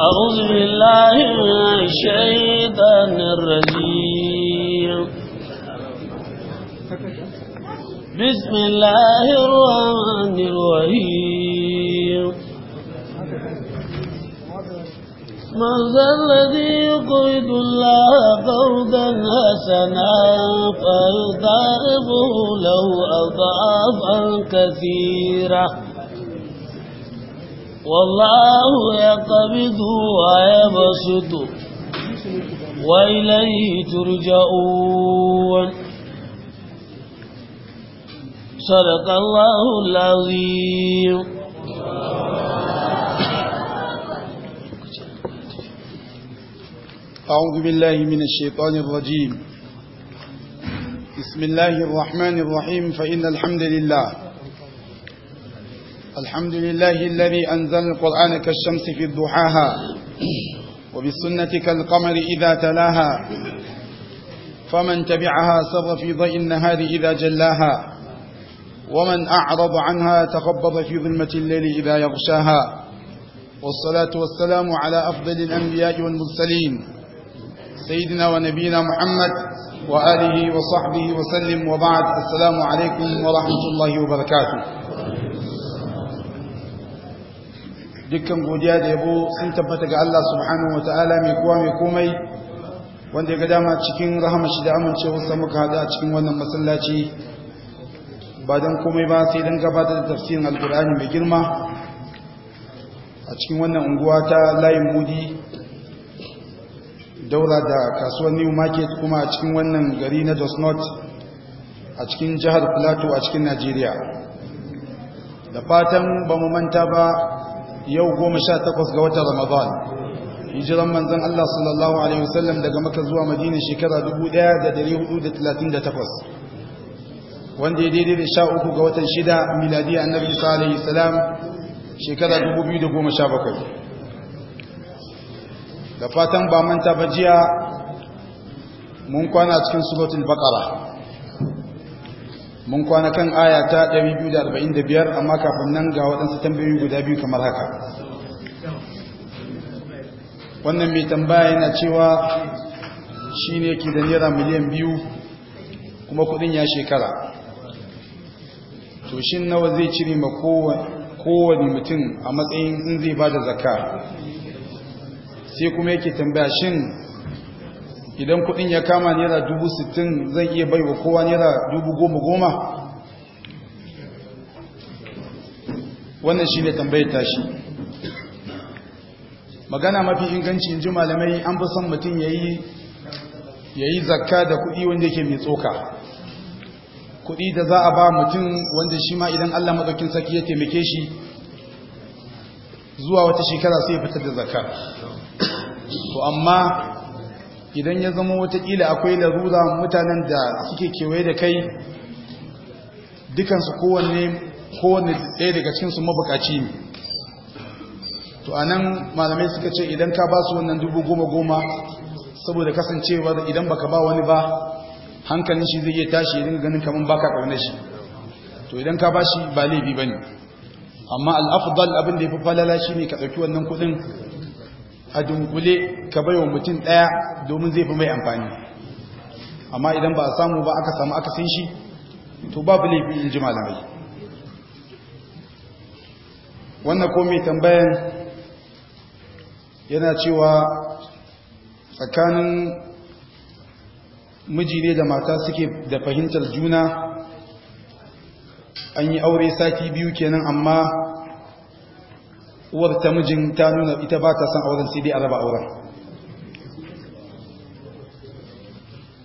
أعوذ بالله من الشيطان الرجيم بسم الله الرحمن الرحيم من ذا الذي يقيد الله قردا حسنا فيضاعفه له أضعافا كثيرة والله يقبض ويبسط وإليه ترجعون صدق الله العظيم أعوذ بالله من الشيطان الرجيم بسم الله الرحمن الرحيم فإن الحمد لله الحمد لله الذي أنزل القرآن كالشمس في ضحاها وبالسنة كالقمر إذا تلاها فمن تبعها سر في ضيء النهار إذا جلاها ومن أعرض عنها تقبض في ظلمة الليل إذا يغشاها والصلاة والسلام على أفضل الأنبياء والمرسلين سيدنا ونبينا محمد وآله وصحبه وسلم وبعد السلام عليكم ورحمة الله وبركاته dukkan godiya da yabo sun tabbata ga Allah subhanahu wataala mai kowa mai komai wanda ya ga dama cikin rahama shi da amincewarsa muka haɗu a cikin wannan masallaci ba don komai ba sai don gabatar da tafsirin alkur'ani mai girma a cikin wannan unguwa ta layin mudi daura da kasuwar new market kuma a cikin wannan gari na jos north a cikin jihar plateau a cikin Najeriya. da fatan ba mu manta ba yau goma sha takwas ga watan ramadan hijiran manzan Allah sallallahu alaihi wasallam daga maka zuwa madina shekara 1438 wanda ya daidai da sha uku ga watan shida miladi annabi isa alaihi salam shekara 2017 da fatan ba manta ba jiya mun kwana cikin suratul baqara mun kwana kan aya ta 245 amma kafin nan ga waɗansu tambayoyi guda biyu kamar haka wannan mai tambaya yana cewa shi ne ke da naira miliyan biyu kuma kudin ya shekara toshin nawa zai cire ma kowane mutum a matsayin in zai ba da sai kuma yake tambaya shin idan kudin ya kama naira dubu sittin zan iya bai wa kowa naira dubu goma goma wannan shi ne tambayar tashi magana mafi inganci ji malamai an fi son mutum ya yi zakka da kudi wanda ke mai tsoka kudi da za a ba mutum wanda shi ma idan allah maɗaukin saki ya taimake shi zuwa wata shekara sai ya fitar da zakka to amma idan ya zama watakila akwai larura mutanen da suke kewaye da kai dukansu kowanne kowanne ɗaya daga cikinsu mabukaci ne to a nan malamai suka ce idan ka ba su wannan dubu goma goma saboda kasancewa idan baka ba wani ba hankalin shi zai iya tashi idan ganin kamar baka ƙaunar shi to idan ka ba shi ba laifi ba ne amma al'afdal abin da ya fi falala shi ne ka ɗauki wannan kuɗin a dunkule ka baiwa mutum ɗaya domin zai fi mai amfani amma idan ba a samu ba aka samu aka san shi to babu laifi in ji malamai wannan ko mai tambayan yana cewa tsakanin miji ne da mata suke da fahimtar juna an yi aure sati biyu kenan amma uwar ta mijin ta nuna ita ba ta son auren sai dai a raba auren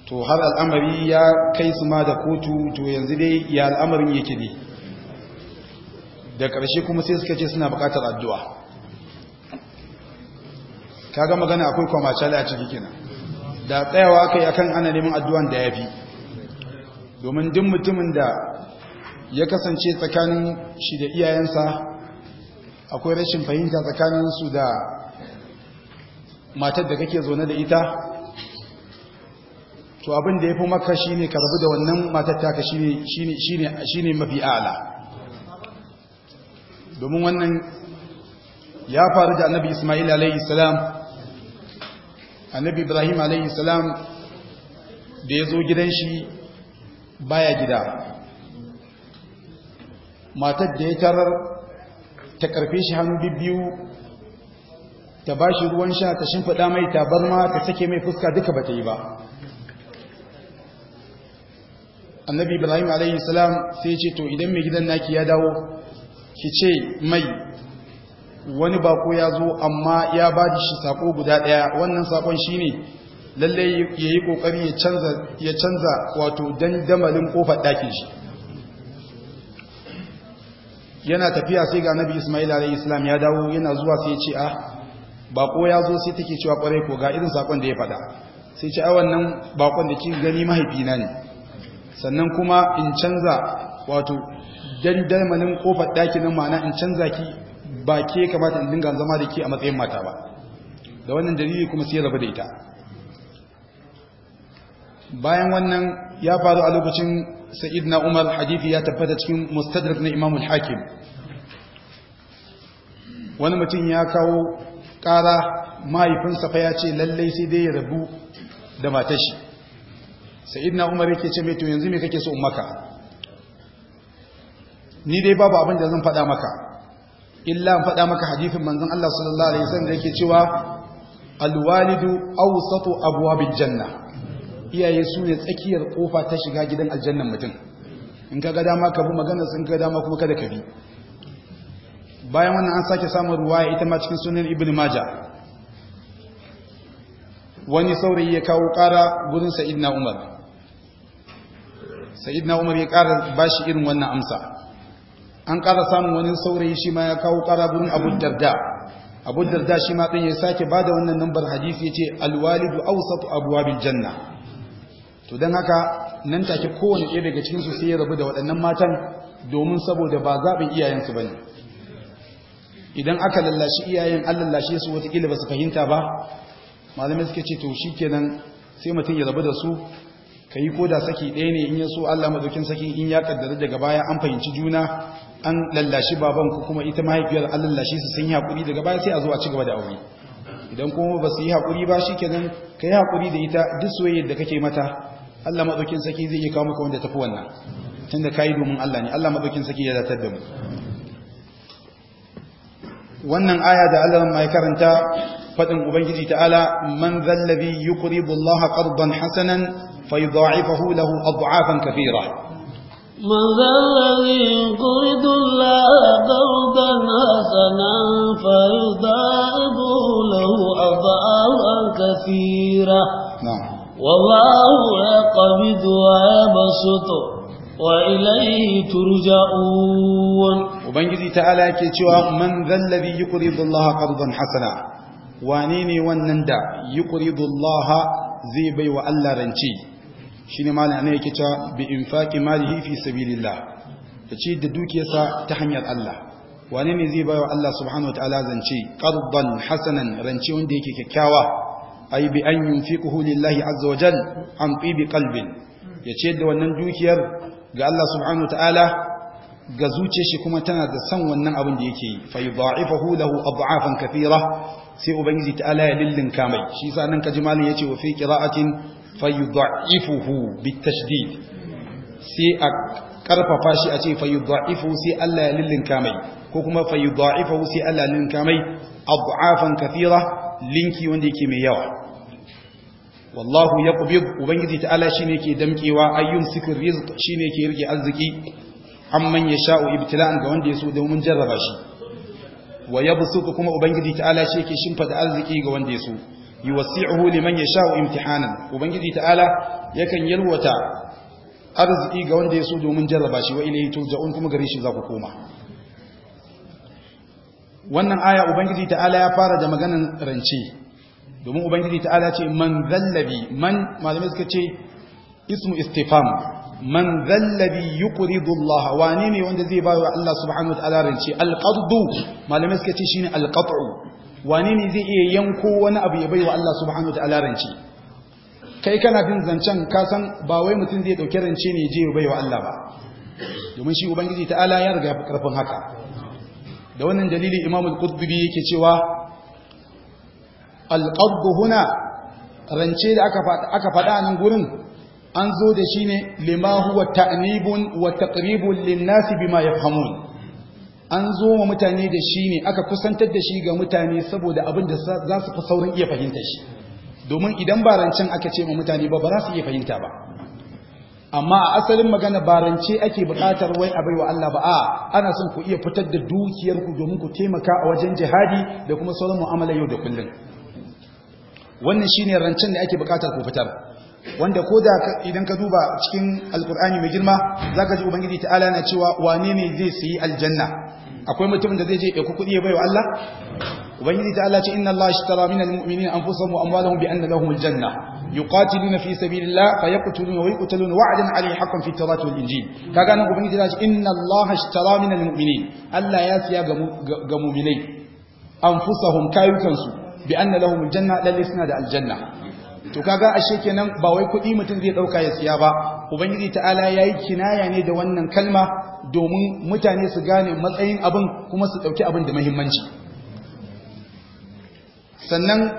to har al'amari ya kai su ma da kotu to yanzu dai ya al'amarin yake ne da ƙarshe kuma sai suka ce suna buƙatar addu'a ka ga magana akwai kwamacala a ciki kina da tsayawa kai akan ana neman addu'an da ya fi domin duk mutumin da ya kasance tsakanin shi da iyayensa akwai rashin fahimta tsakanin su da matar da kake zaune da ita to abin da ya fi maka shi ne ka rabu da wannan matar taka shi ne mafi ala domin wannan ya faru da annabi ismail alaihi salam annabi ibrahim alaihi salam da ya zo gidan shi baya gida matar da ya tarar ta karfe shi hannu bibbiyu ta ba shi ruwan sha ta shimfiɗa mai ma, ta sake mai fuska duka ba ta yi ba annabi ibrahim alayhi salam sai ce to idan mai gidan naki ya dawo ki ce mai wani bako ya zo amma ya ba da shi sako guda ɗaya wannan sakon shi ne lallai ya yi ƙoƙari ya canza wato dandamalin ƙofar ɗakin shi yana tafiya sai ga nabi ismail alayhi ya dawo yana zuwa sai ya ce a ah, bako ya zo sai take cewa kwarai ko ga irin sakon da ya faɗa sai ce a wannan bakon da ke gani mahaifina ne sannan kuma in canza wato dandamalin kofar ɗakin nan ma'ana in canza ki ba ke kamata in dinga zama da ke a matsayin mata ba da wannan dalili kuma sai rabu da ita bayan wannan ya faru a lokacin sayyidina umar hadithi ya tabbata cikin mustadrak na imamul hakim wani mutum ya kawo ƙara mahaifinsa fa ya ce lallai sai dai ya rabu da matashi sayyidina umar yake ce mai to yanzu me kake so in maka ni dai babu abin da zan faɗa maka illa in faɗa maka hadithin manzon Allah yake cewa alwalidu awsatu abwabil janna iyaye su ne tsakiyar kofa ta shiga gidan aljannan mutum in ka ga dama ka bi maganar sun ka dama kuma kada ka bi bayan wannan an sake samun ruwa ya ita ma cikin sunan ibn maja wani saurayi ya kawo kara gurin sa'idna umar sa'idna umar ya kara bashi irin wannan amsa an kara samun wani saurayi shi ma ya kawo kara gurin abu darda abu darda shi ma ɗin ya sake ba da wannan nambar hadisi ya ce alwalidu ausatu abuwa janna to don haka nan take kowane ɗaya daga cikinsu sai ya rabu da waɗannan matan domin saboda ba zaɓin iyayensu ba ne idan aka lallashi iyayen an lallashe su watakila ba su fahimta ba malamai suke ce to shi kenan sai mutum ya rabu da su ka yi koda saki ɗaya ne in ya so allah maɗaukin saki in ya kaddara daga baya an fahimci juna an lallashi baban ko kuma ita mahaifiyar an lallashi su sun yi haƙuri daga baya sai a zo a ci gaba da aure idan kuma ba su yi haƙuri ba shi kenan ka yi haƙuri da ita duk soyayyar da kake mata Allah madaukin saki zai iya kawo maka wanda tafi wannan tunda kai domin Allah ne Allah madaukin saki ya datar da mu wannan aya da Allah mai karanta fadin ubangiji ta'ala man zallabi yuqribu Allah qardan hasanan fayudha'ifahu lahu ad'afan kathira من ذا الذي يقرض الله قرضا حسنا فيضاعفه له أضعافا كثيرة والله يقبض ويبسط وإليه ترجعون وبنجي تعالى كيتوا من ذا الذي يقرض الله قرضا حسنا وانيني ونندا يقرض الله زي بي وألا رنشي شيني مال يعني كيتوا بإنفاق ماله في سبيل الله تشي دوكي يسا تحمير الله وانيني زي بي وألا سبحانه وتعالى زنشي قرضا حسنا رنشي وندي كيكاوا ai bi an yunfiquhu lillahi azza wa jal an tibi qalbin ya ce da wannan dukiyar ga Allah subhanahu ta'ala ga zuce shi kuma tana da san wannan abin da yake yi fa yudha'ifahu lahu ad'afan kathira sai ubangiji ta'ala ya lillin kamai. shi sa nan kaji malin yace wa fi qira'atin fa yudha'ifuhu bitashdid sai a karfafa shi a ce fa yudha'ifu sai Allah ya lillin kamai. ko kuma fa yudha'ifuhu sai Allah ya lillin kamai. ad'afan kathira linki wanda yake mai yawa wallahu yaqbid ubangiji ta'ala shine ke damkewa Ayyun sikir rizq shine ke rike arziki amman yasha'u ibtila'an ga wanda ya so domin jarraba shi wa yabsutu kuma ubangiji ta'ala shi ke shimfada arziki ga wanda ya yaso yuwasi'uhu liman yasha'u imtihanan ubangiji ta'ala yakan yalwata arziki ga wanda ya so domin jarraba shi wa ilayhi turja'un kuma gare shi za ku koma wannan aya ubangiji ta'ala ya fara da maganan rance domin ubangiji ta'ala ce man zallabi man malamai suka ce ismu istifam man zallabi yuqridu Allah wani ne wanda zai bayar Allah subhanahu wa ta'ala rance alqadu malamai suka ce shine alqat'u wani ne zai iya yanko wani abu ya baiwa Allah subhanahu wa ta'ala rance kai kana bin zancen ka san ba wai mutum zai dauki rance ne je ya baiwa Allah ba domin shi ubangiji ta'ala ya riga karfin haka da wannan dalili imam al yake cewa al huna rance da aka faɗa aka nan gurin an zo da shi ne lima huwa ta'nibun wa taqribun lin-nasi bima yafhamun an zo wa mutane da shi ne aka kusantar da shi ga mutane saboda abin da za su fi saurin iya fahimta shi domin idan ba rancen aka ce wa mutane ba ba za su iya fahimta ba amma a asalin magana barance ake bukatar wai a baiwa Allah ba a ana son ku iya fitar da dukiyarku ku domin ku taimaka a wajen jihadi da kuma sauran mu'amala yau da kullum wannan shine rancen da ake bukatar ku fitar wanda ko da idan ka duba cikin alkur'ani mai girma zaka ji ubangiji ta'ala na cewa wane ne zai sayi aljanna akwai mutumin da zai je ya kuɗi ya baiwa Allah ubangiji ta Allah ce inna Allah ishtara minal mu'minina anfusahum wa amwalahum bi anna lahumul janna yuqatiluna fi sabilillah fayaqtuluna wa yuqtaluna wa'dan alayhi haqqan fi tawrat wal injil kaga nan ubangiji ta ce inna Allah ishtara minal mu'minin Allah ya siya ga mu'minai anfusahum kayukansu bi anna lahumul janna lalle suna da aljanna to kaga ashe kenan ba wai kuɗi mutum zai ɗauka ya siya ba ubangiji ta'ala yayi kinaya ne da wannan kalma domin mutane su gane matsayin abin kuma su ɗauki abin da muhimmanci sannan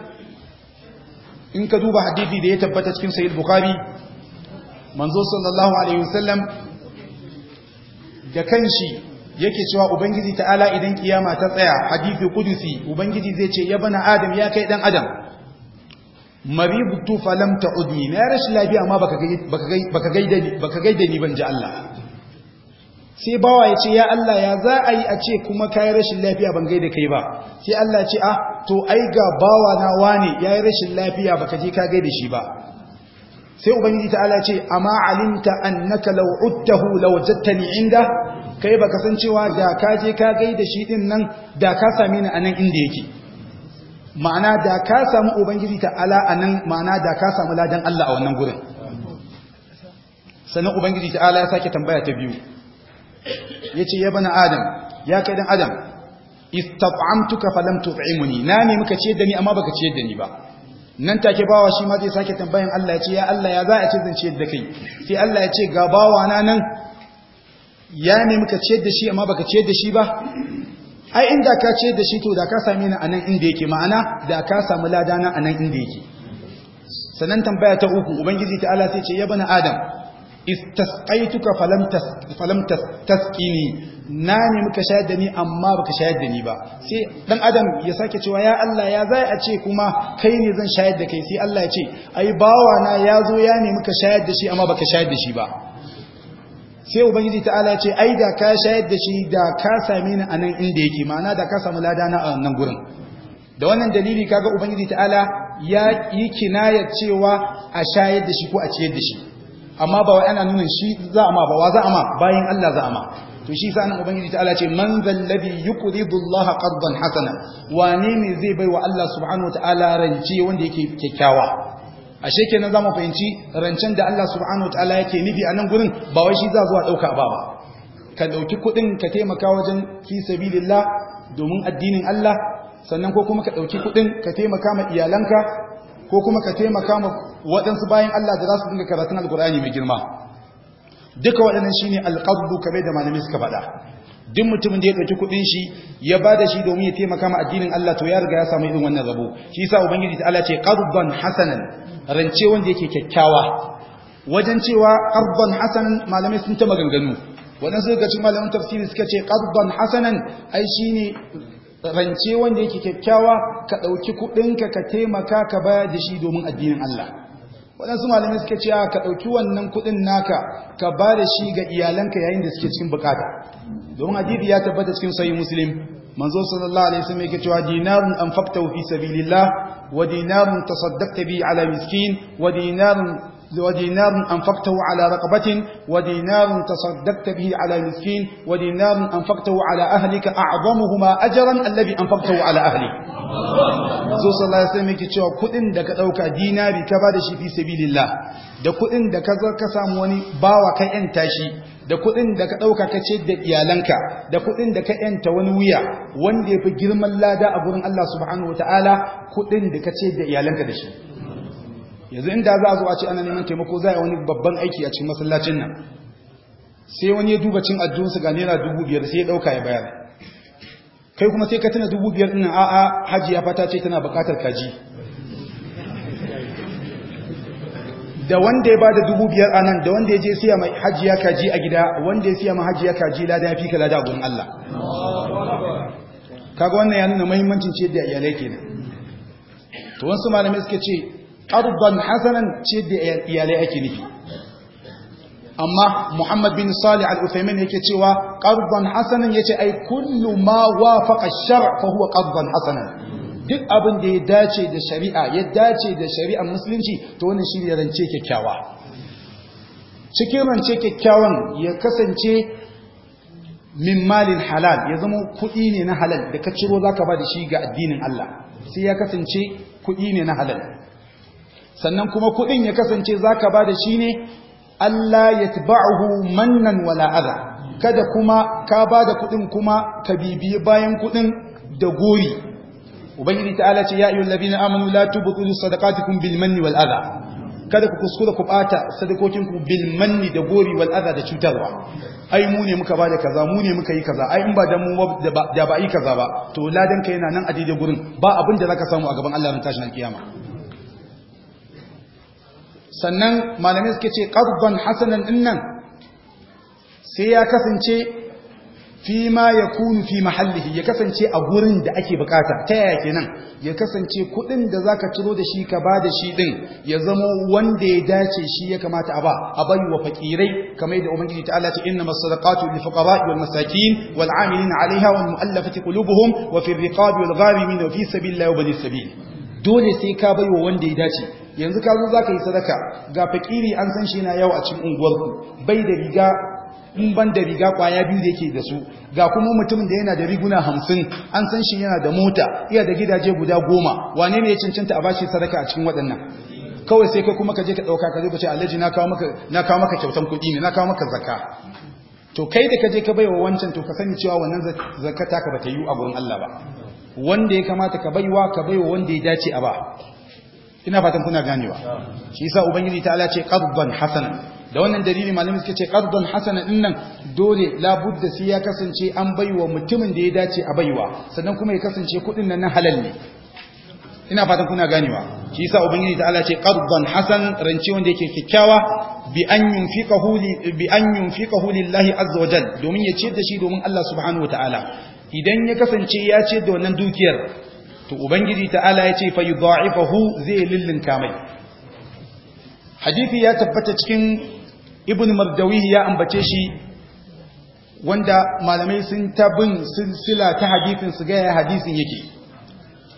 in ka duba hadithi da ya tabbata cikin sayyid bukhari manzo sallallahu alaihi wasallam da kanshi yake cewa ubangiji ta'ala idan kiyama ta tsaya hadithi kudusi ubangiji zai ce ya bana adam ya kai dan adam maribu tu falam ta'udni na rashin lafiya amma baka gaida ni baka gaida ni ban ji Allah sai bawa ya ce ya Allah ya za a yi a ce kuma kayi rashin lafiya ban gaida kai ba sai Allah ce ah to ai ga bawa na wane ya yi rashin lafiya baka je ka gaida shi ba sai ubangiji ta'ala ce amma alimta annaka law uttahu law jattani inda kai ka san cewa da ka je ka gaida shi din nan da ka same ni nan inda yake ma'ana da ka samu ubangiji ta'ala nan ma'ana da ka samu ladan Allah a wannan gurin sannan ubangiji ta'ala ya sake tambaya ta biyu Ya ce ya bana adam ya kai dan adam istat'amtuka falam tu'imuni na ne muka ce da ni amma baka ce da ni ba nan take bawa shi ma zai sake tambayan Allah ya ce ya Allah ya za a ce zance da kai sai Allah ya ce ga bawa na nan ya ne muka ce da shi amma baka ce da shi ba ai inda ka ce da shi to da ka same ni anan inda yake ma'ana da ka samu ladana anan inda yake sanan tambaya ta uku ubangiji ta Allah sai ce ya bana adam istasqaituka falam tas falam tasqini na ne muka shayar da ni amma baka shayar da ni ba sai dan adam ya sake cewa ya Allah ya zai a ce kuma kai ne zan shayar da kai sai Allah ya ce ai bawa na ya zo ya ne muka shayar da shi amma baka shayar da shi ba sai ubangiji ta'ala ya ce ai da ka shayar da shi da ka same ni anan inda yake ma'ana da ka samu lada na a nan gurin da wannan dalili kaga ubangiji ta'ala ya yi kinayar cewa a shayar da shi ko a ciyar da shi amma ba wai ana nuna shi za a ma ba wa za a ma bayan Allah za a ma to shi sa nan ubangiji ta Allah ce man ladhi yuqridu Allah qardan hasana wane ne zai bai wa Allah subhanahu wataala rance wanda yake kyakkyawa ashe kenan zamu fahimci rancen da Allah subhanahu wataala yake nufi a nan gurin ba wai shi za zuwa dauka ba ba ka dauki kudin ka taimaka wajen fi sabilillah domin addinin Allah sannan ko kuma ka dauki kudin ka taimaka ma iyalanka ko kuma ka taimaka ma waɗansu bayan Allah da za su dinga karatun alkur'ani mai girma duka waɗannan shi ne alqabdu kamar da malamai suka faɗa duk mutumin da ya ɗauki kuɗin shi ya ba da shi domin ya taimaka ma addinin Allah to ya riga ya samu irin wannan rabo shi yasa ubangiji ta'ala ce qardan hasanan rance wanda yake kyakkyawa wajen cewa qardan hasanan malamai sun ta maganganu waɗansu daga cikin malaman tafsiri suka ce qardan hasanan ai shi ne. rance wanda yake kyakkyawa ka ɗauki kuɗinka ka taimaka ka baya da shi domin addinin Allah waɗansu malamai suka ce ka ɗauki wannan kuɗin naka ka ba da shi ga iyalanka yayin da suke cikin bukata domin hadisi ya tabbata cikin sahih muslim manzo sallallahu alaihi wasallam yake cewa dinarun anfaqtahu fi sabilillah wa dinarun tasaddaqta bi ala miskin wa dinarun ودينار أنفقته على رقبة ودينار تصدقت به على مسكين ودينار أنفقته على أهلك أعظمهما أجرا الذي أنفقته على أهلك zo sallallahu alaihi wasallam cewa kudin da ka dauka dinari ka da shi fi sabilillah da kudin da ka ka samu wani bawa ka yanta shi da kudin da ka dauka ka ce da iyalanka da kudin da ka yanta wani wuya wanda yafi girman lada a gurin Allah subhanahu wataala kudin da ka ce da iyalanka da shi yanzu inda za a zo a ce ana neman taimako za a wani babban aiki a cikin masallacin nan sai wani ya duba cin addu'un su ga naira dubu biyar sai ya ɗauka ya bayar kai kuma sai ka tana dubu biyar ɗin a'a hajiya fata ce tana buƙatar kaji da wanda ya bada dubu biyar a nan da wanda ya je siya mai hajiya kaji a gida wanda ya siya mai hajiya kaji lada fi ka lada a gurin Allah kaga wannan ya nuna muhimmancin ce da iyalai kenan to wasu malamai suka ce arban hasanan ce da iyalai ake nufi amma muhammad bin salih al-uthaymin yake cewa qardan hasanan yace ai kullu ma wafaqa ash-shar' fa huwa qardan hasanan duk abin da ya dace da shari'a ya dace da shari'ar musulunci to wannan shine rance kyakkyawa cikin rance kyakkyawan ya kasance min malin halal ya zama kuɗi ne na halal da ka ciro zaka ba da shi ga addinin Allah sai ya kasance kuɗi ne na halal sannan kuma kuɗin ya kasance za ka ba shi ne Allah ya taba'ahu wala wala'aza kada kuma ka bada da kuɗin kuma ka bibiye bayan kuɗin da gori ubangiji ta'ala ce ya ayyul ladina amanu la tubtilu sadaqatikum bil manni wal adha kada ku kuskura ku bata sadakokinku bil manni da gori wal adha da cutarwa ai mu ne muka bada kaza mu ne muka yi kaza ai in ba dan mu da ba yi kaza ba to ladan ka yana nan a daidai gurin ba abin da zaka samu a gaban Allah ran tashin alkiyama sannan malamai suke ce ƙarfan hasanan ɗinnan sai ya kasance fi ma ya kunu fi mahallihi ya kasance a gurin da ake bukata ta yaya kenan ya kasance kuɗin da za ka ciro da shi ka ba da shi ɗin ya zamo wanda ya dace shi ya kamata a ba a bai wa fakirai kamar yadda ubangiji ta Allah ce inna masadaqatu lil fuqara wal masakin wal amilin alaiha wal mu'allafati qulubuhum wa fi riqabi wal gharimin wa fi sabilillahi wa bani sabil dole sai ka bai wa wanda ya dace yanzu ka zo za ka yi sadaka ga fakiri an san shi na yau a cikin unguwarku bai da riga in ban da riga kwaya biyu da yake da su ga kuma mutumin da yana da riguna hamsin an san shi yana da mota iya da gidaje guda goma wane ne ya cancanta a bashi sadaka a cikin waɗannan kawai sai kai kuma ka je ka ɗauka ka zo ka ce alhaji na kawo maka na kawo maka kyautan kuɗi ne na kawo maka zakka to kai da ka je ka baiwa wancan to ka sani cewa wannan zakka ta ka bata yi a gurin Allah ba wanda ya kamata ka baiwa ka baiwa wanda ya dace a ba ina fatan kuna ganewa shi yasa ubangiji ta'ala ce qardan hasana da wannan dalili malamin suka ce qardan hasana din nan dole labudda sai ya kasance an baiwa mutumin da ya dace a baiwa sannan kuma ya kasance kudin nan na halal ne ina fatan kuna ganewa shi yasa ubangiji ta'ala ce qardan hasan rance wanda yake kikkiawa bi an yunfiqahu li bi an yunfiqahu lillahi azza wajal domin ya ce da shi domin Allah subhanahu wataala idan ya kasance ya ce da wannan dukiyar to ubangiji ta'ala ya ce fa hu zai lillinka mai hadisi ya tabbata cikin ibn mardawi ya ambace shi wanda malamai sun tabin silsila ta hadisin su ga hadisin yake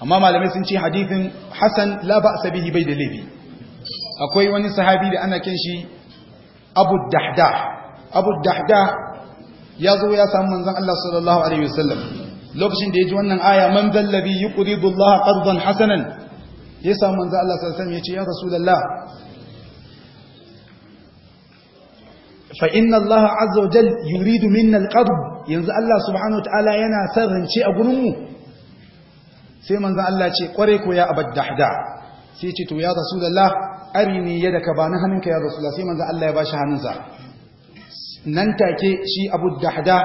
amma malamai sun ce hadisin hasan la ba'sa bihi bai da laifi akwai wani sahabi da ana kin shi abu dahdah abu dahdah ya zo ya samu manzon Allah sallallahu alaihi wasallam lokacin da ya ji wannan aya man zallabi yuqridu Allah qardan hasanan ya samu manzo Allah sallallahu alaihi wasallam ya ce ya rasulullah fa inna Allah azza wa jalla yuridu minna alqard yanzu Allah subhanahu wa ta'ala yana sarrance a gurinmu. sai manza Allah ce ƙware ko ya abad dahda sai ce to ya Ari rasulullah arini ka ba na hannunka ya rasulullah sai manza Allah ya ba shi hannunsa nan take shi abu dahda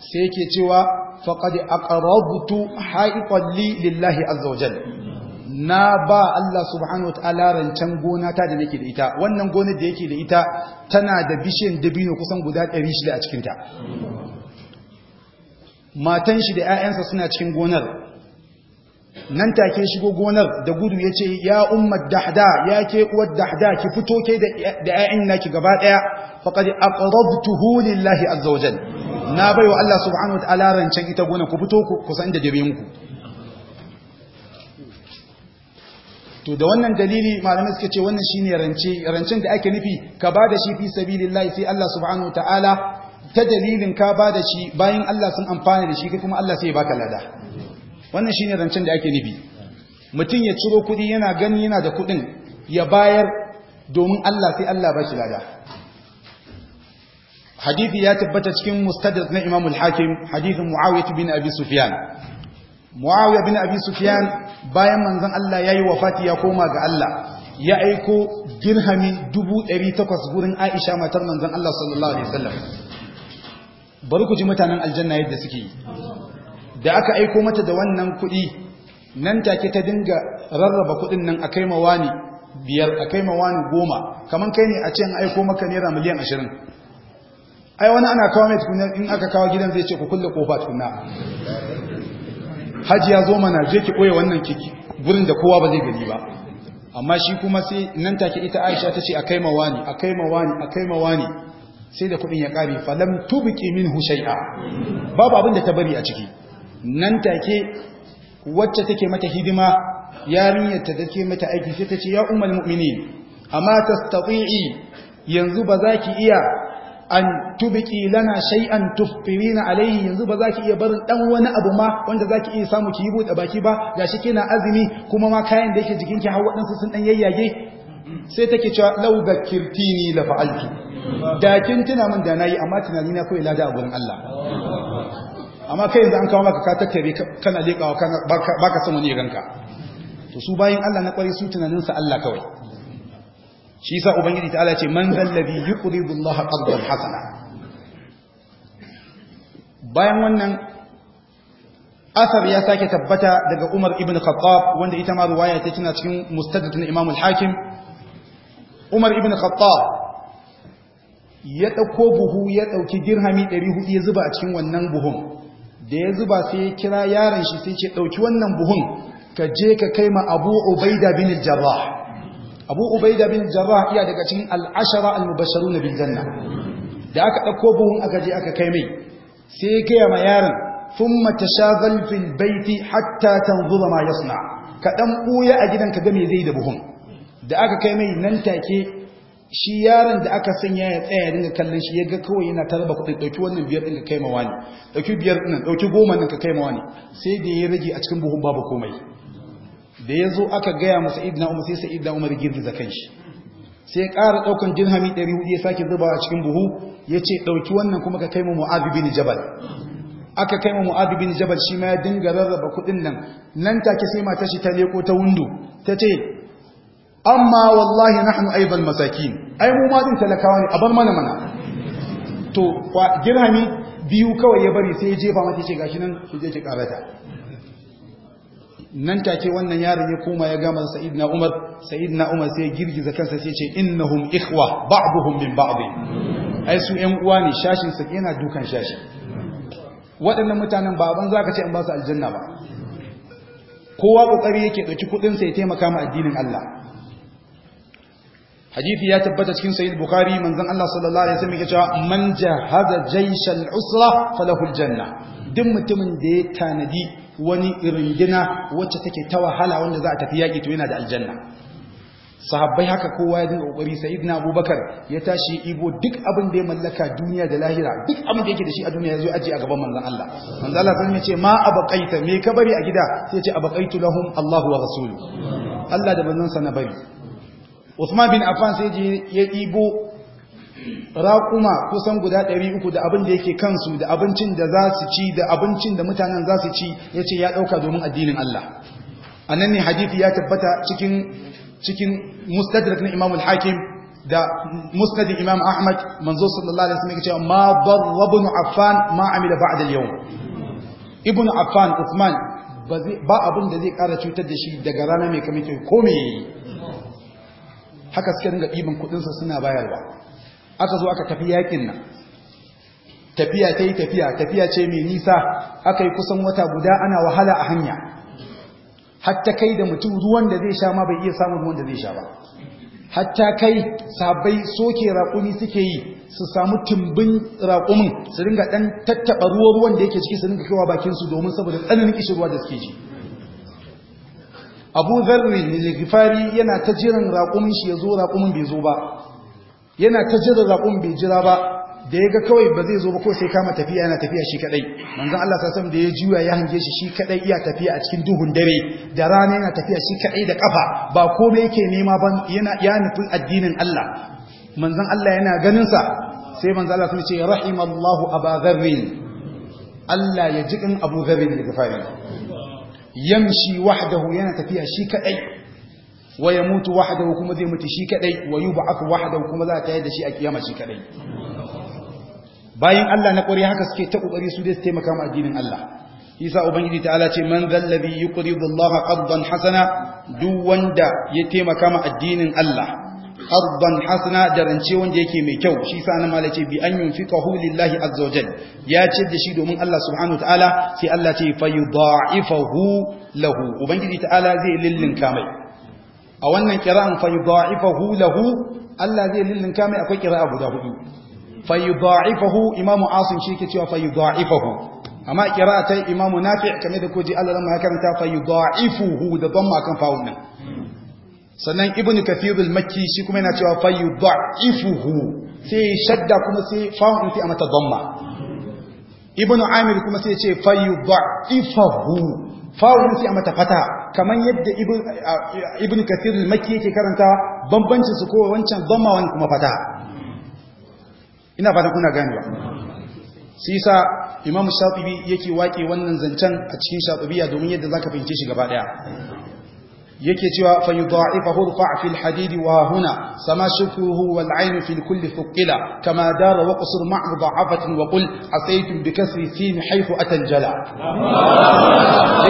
sai yake cewa faqad aqrabtu haifan li lillahi azza wajal na ba Allah subhanahu wataala rancen gona ta da nake da ita wannan gonar da yake da ita tana da bishiyan dabino kusan guda 600 a cikinta matan shi da 'ya'yansa suna cikin gonar nan take shigo gonar da gudu ya ce ya ummat dahda ya ke uwar dahda ki fito ke da 'ya'yan naki gaba ɗaya faqad aqrabtuhu lillahi azza wajal na baiwa Allah subhanahu wa ta'ala rancen ita gona ku fito ku san da jabe muku to da wannan dalili malamai suka ce wannan shine rance rancen da ake nufi ka bada shi fi sabilillahi sai Allah subhanahu wa ta'ala ta dalilin ka bada shi bayan Allah sun amfana da shi kai kuma Allah sai ya baka lada wannan shine rancen da ake nufi mutum ya ciro kudi yana gani yana da kudin ya bayar domin Allah sai Allah ba shi lada hadithi ya tabbata cikin mustadrak na imamul hakim hadithin muawiyah bin abi sufyan muawiyah bin abi sufyan bayan manzon Allah yayi wafati ya koma ga Allah ya aiko dirhami 1800 gurin Aisha matar manzon Allah sallallahu alaihi wasallam bari ku ji mutanen aljanna yadda suke da aka aiko mata da wannan kuɗi nan take ta dinga rarraba kuɗin nan akai mawani biyar akai mawani goma kaman kai ne a ce an aiko maka naira miliyan ashirin ai wani ana kawo mai tukunan in aka kawo gidan zai ce ku kulle kofa tukuna. haji ya zo mana je ki koya wannan kiki gurin da kowa ba zai gani ba amma shi kuma sai nan take ita Aisha ta ce a mawa mawani a mawani mawa mawani sai da kudin ya kare fa lam tubqi minhu shay'a babu abin da ta bari a ciki nan take wacce take mata hidima yarinyar ta take mata aiki sai ta ce ya ummul mu'minin amma tastati'i yanzu ba za ki iya an tubiki lana shay'an tufirina alaihi yanzu ba zaki iya barin dan wani abu ma wanda zaki iya samu ki yi bude baki ba gashi kina azumi kuma ma kayan da yake ki har wadansu sun dan yayyage sai take cewa law kirtini la fa'altu da kin tuna min da nayi amma tunani na koyi lada a gurin Allah amma kai yanzu an kawo maka ka tattare kana lekawa kana baka san wani ganka to su bayin Allah na kwari su tunanin sa Allah kawai shi sa ubangiji ta'ala ce man zallabi yuqridu Allah qardan hasana bayan wannan asar ya sake tabbata daga Umar ibn Khattab wanda ita ma ruwaya ta kina cikin mustadrak na imamul hakim Umar ibn Khattab ya dauko buhu ya dauki ɗari 400 ya zuba a cikin wannan buhun da ya zuba sai ya kira yaron shi sai ce dauki wannan buhun ka je ka kai ma Abu Ubaida bin jarrah abu ubaida bin jarrah iya daga cikin al'ashara al-mubashsharun bil janna da aka dauko buhun aka je aka kai mai sai ya gaya ma yaron thumma tashaghal fil baiti hatta tanzura ma yasna ka dan buya a gidan ka ga me zai da buhun da aka kai mai nan take shi yaron da aka sanya ya tsaya ya dinga kallon shi ya ga kawai yana ta raba kuɗi ɗauki wannan biyar ɗin ka kai ma wani ɗauki biyar ɗin ɗauki goma ɗin ka kai ma wani sai da ya rage a cikin buhun babu komai da ya zo aka gaya masa idina umar sai sai idina umar girgiza kan shi sai ya ƙara ɗaukan dirhami ɗari hudu ya sake a cikin buhu ya ce ɗauki wannan kuma ka kai mu mu'adu bin jabal aka kai mu mu'adu bin jabal shi ma ya dinga rarraba kuɗin nan nan take sai mata shi ta leko ta windo ta ce amma wallahi nahnu aidan masakin ai mu ma din talakawa ne a bar mana mana to dirhami biyu kawai ya bari sai ya jefa mata ce gashi nan ku je ki karata nan take wannan yaron ya koma ya gama sa'idna umar sa'idna umar sai ya girgiza kansa sai ya ce innahum ikhwa ba'duhum min ba'd ai su ƴan uwa ne shashin sa yana dukan shashi waɗannan mutanen baban zaka ce an ba su aljanna ba kowa kokari yake dauki kudin sa ya taimaka ma addinin Allah hadisi ya tabbata cikin sahih bukhari manzon Allah sallallahu alaihi wasallam yake cewa man jahaza jayshal usra falahu janna duk mutumin da ya tanadi wani gina wacce take ta wahala wanda za a tafi yaƙi to yana da aljanna sahabbai haka kowa ya dinga kokari sayyidina abubakar ya tashi ibo duk abin da ya mallaka duniya da lahira duk abin da yake da shi a duniya yazo aje a gaban manzon Allah manzon Allah ya ce ma abaqaita me ka bari a gida sai ya ce abaqaitu lahum Allah wa rasuluhu Allah da manzon sa na bari Uthman bin Affan sai ya ibo raƙuma kusan guda 300 da abin da yake kansu da abincin da za su ci da abincin da mutanen za su ci ya ce ya ɗauka domin addinin Allah a nan ne hadithi ya tabbata cikin cikin mustadrak na imamul hakim da musnadin imam ahmad manzo sallallahu alaihi wasallam ya ce ma darra ibn affan ma amila ba'da ibn affan uthman ba abin da zai kara cutar da shi daga rana mai kamar ko me haka suka dinga kuɗinsa suna bayarwa aka zo aka tafi yakin nan tafiya ta tafiya tafiya ce mai nisa aka yi kusan wata guda ana wahala a hanya hatta kai da mutum ruwan da zai sha ma bai iya samun ruwan da zai sha ba hatta kai sabai soke raƙumi suke yi su samu tumbin raƙumin su ringa ɗan tattaɓa ruwan ruwan da yake ciki su ringa kaiwa su domin saboda tsananin kishirwa da suke ji abu zarri gifari yana ta jiran raƙumin shi ya zo raƙumin bai zo ba yana ta jira zaɓin bai jira ba da ya ga kawai ba zai zo ba ko sai kama tafiya yana tafiya shi kadai manzon Allah sasam da ya juya ya hange shi shi kadai iya tafiya a cikin duhun dare da rana yana tafiya shi kaɗai da kafa ba komai yake nema ba yana ya nufin addinin Allah manzon Allah yana ganin sa sai manzon Allah sun ce rahimallahu aba dharrin Allah ya ji in Abu Dharrin da gafari yamshi wahdahu yana tafiya shi kadai wa ya mutu wahdahu kuma zai mutu shi kadai wa yub'athu wahdahu kuma za ta da shi a kiyama shi kadai bayin Allah na kware haka suke ta kokari su dai su taimaka mu addinin Allah isa ubangiji ta'ala ce man zallabi yuqridu Allah qardan hasana duk wanda ya taimaka mu addinin Allah qardan hasana da rance wanda yake mai kyau shi sa nan malai ce bi an yunfiqahu lillahi azza wajal ya ce da shi domin Allah subhanahu ta'ala sai Allah ce fayudha'ifahu lahu ubangiji ta'ala zai lillinka mai a wannan kira'an fa yudha'ifahu lahu Allah zai lillinka mai akwai kira'a guda hudu fa yudha'ifahu imamu asim shi ke cewa fa yudha'ifahu amma kira'a ta imamu nafi kamar da koji Allah lamma karanta fa yudha'ifuhu da dhamma kan fa'un nan sannan ibnu kathir al-makki shi kuma yana cewa fa yudha'ifuhu sai shadda kuma sai fa'un sai a mata dhamma ibnu amir kuma sai ya ce fa yudha'ifahu fawon sai a mata fata kamar yadda ibn kafir maki yake karanta bambancin su ko wancan dhamma wani kuma fata ina fatan kuna ganewa sai sa imam shatibi yake waƙe wannan zancen a cikin shatibiya domin yadda zaka fahimce shi gaba ɗaya. yake cewa fa yudha'ifahu rufa' fil hadid wa huna sama shukruhu wal 'ayn fil kull thuqila kama dara wa qasr ma'a mudha'afatin wa qul asaytum bi kasri sin haythu atanjala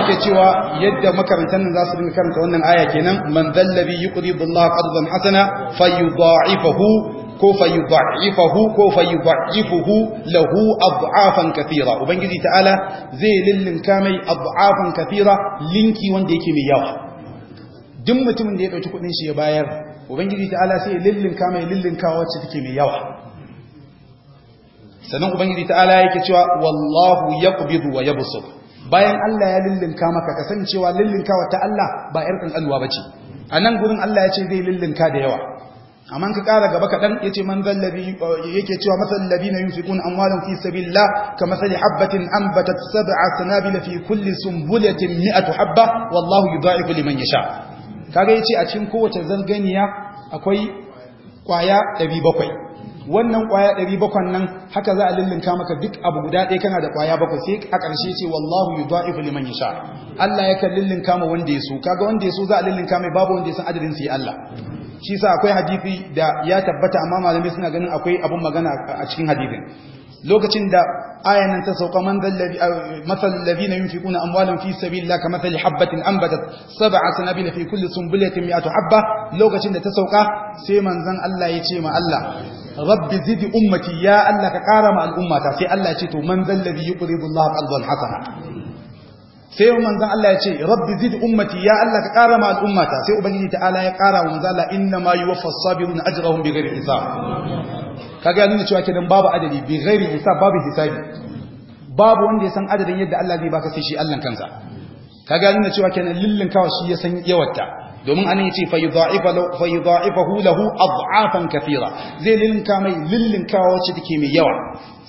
yake cewa yadda makarantan nan zasu dinga karanta wannan aya kenan man dallabi yuqridu Allah qardan hasana fa yudha'ifahu ko fa yudha'ifahu ko fa yudha'ifuhu lahu ad'afan kathira ubangiji ta'ala zai lillinka mai ad'afan kathira linki wanda yake mai yawa duk mutumin da ya ɗauki kuɗin shi ya bayar ubangiji ta'ala sai lillinka mai lillinka wacce take mai yawa sannan ubangiji ta'ala yake cewa wallahu yaqbidu wa yabsut bayan Allah ya lillinka maka ka kasancewa lillinka wa ta Allah ba yar kankanuwa A nan gurin Allah ya ce zai lillinka da yawa amma ka ƙara gaba kaɗan ya ce man zallabi yake cewa matsal na yin fiƙun amwalin fi sabila ka matsali habbatin an bata saba a sanabila fi kulli sumbulatin mi'atu habba wallahu yi za'iku liman ya sha kaga yace a cikin kowace zanganiya akwai kwaya 700 wannan kwaya 700 nan haka za a lillinka maka duk abu guda ɗaya kana da kwaya 700 sai a ƙarshe ce wallahu yudaifu liman yasha Allah ya kan lullunka ma wanda ya so kaga wanda ya so za a lullunka mai babu wanda ya san adadin sai Allah shi sa akwai hadisi da ya tabbata amma malamai suna ganin akwai abun magana a cikin hadisin lokacin da ayan nan ta sauka man dallabi masalan ladina yunfiquna amwalan fi sabilillah kamathali habatin anbatat sab'a sanabila fi kulle sun kulli sunbulatin mi'atu habba lokacin da ta sauka sai manzon Allah ya ce ma Allah rabbi zidi ummati ya Allah ka kara ma al'ummata sai Allah ya ce to man dallabi yuqridu Allah qalban hasana sai manzon Allah ya ce rabbi zidi ummati ya Allah ka kara ma al'ummata sai ubangiji ta'ala ya kara wa manzon Allah inna ma yuwaffas sabirun ajrahum bighairi isa. kaga ya nuna cewa kenan babu adadi bi ghairi hisab babu hisabi babu wanda ya san adadin yadda Allah zai baka sai shi Allah kansa kaga ya nuna cewa kenan lillin kawa shi ya san yawarta domin anan yace fa yudha'ifa fa yudha'ifahu lahu ad'afan kathira zai lillinka mai lillinka wacce take mai yawa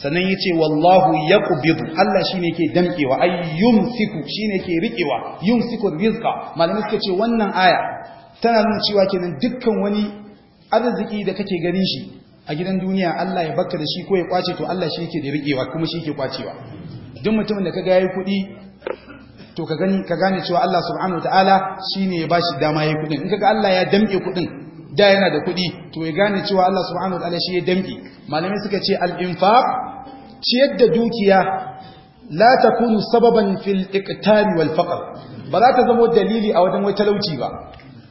sannan yace wallahu yaqbidu Allah shine yake damkewa ay yumsiku shine yake rikewa yumsiku rizqa malamin suka ce wannan aya tana nuna cewa kenan dukkan wani arziki da kake ganin shi a gidan duniya Allah ya baka da shi ko ya kwace to Allah shi yake da riƙewa kuma shi yake kwacewa duk mutumin da kaga yayi kuɗi to ka gani ka gane cewa Allah subhanahu wataala shine ya bashi dama yayi kuɗin in kaga Allah ya damƙe kuɗin da yana da kuɗi to ya gane cewa Allah subhanahu wataala shi ya damƙe malamai suka ce al-infaq ciyar da dukiya la takunu sababan fil iqtari wal faqr ba za ta zama dalili a wajen wai talauci ba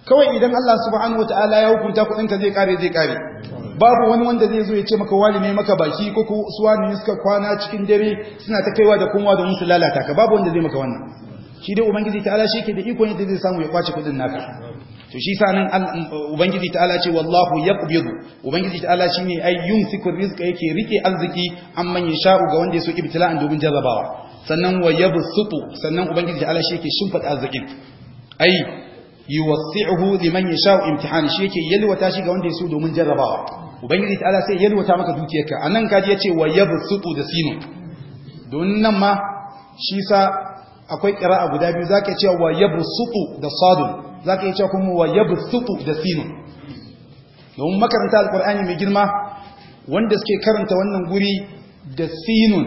kawai idan Allah subhanahu wataala ya hukunta kuɗinka zai kare zai kare babu wani wanda zai zo ya ce maka wani ne maka baki ko ku suwani ne suka kwana cikin dare suna ta kaiwa da kunwa domin su lalata ka babu wanda zai maka wannan shi dai ubangiji ta'ala shi ke da ikon yadda zai samu ya kwace kudin naka to shi sanan ubangiji ta'ala ce wallahu yaqbidu ubangiji ta'ala shi ne ay yumsiku rizqa yake rike arziki amman yasha'u ga wanda yaso ibtila'an domin jarrabawa sannan wa yabsutu sannan ubangiji ta'ala shi yake shimfida arzikin ai Yi yuwassi'uhu liman yasha'u imtihan shi yake yalwata shi ga wanda ya so domin jarrabawa ubangiji ta'ala sai yalwata maka dukiyarka anan ji yace wa yabsutu da sinu don nan ma shi sa akwai qira'a guda biyu zaka ce wa yabsutu da sadun zaka iya cewa kuma wa yabsutu da sinu domin makaranta alqur'ani mai girma wanda suke karanta wannan guri da sinun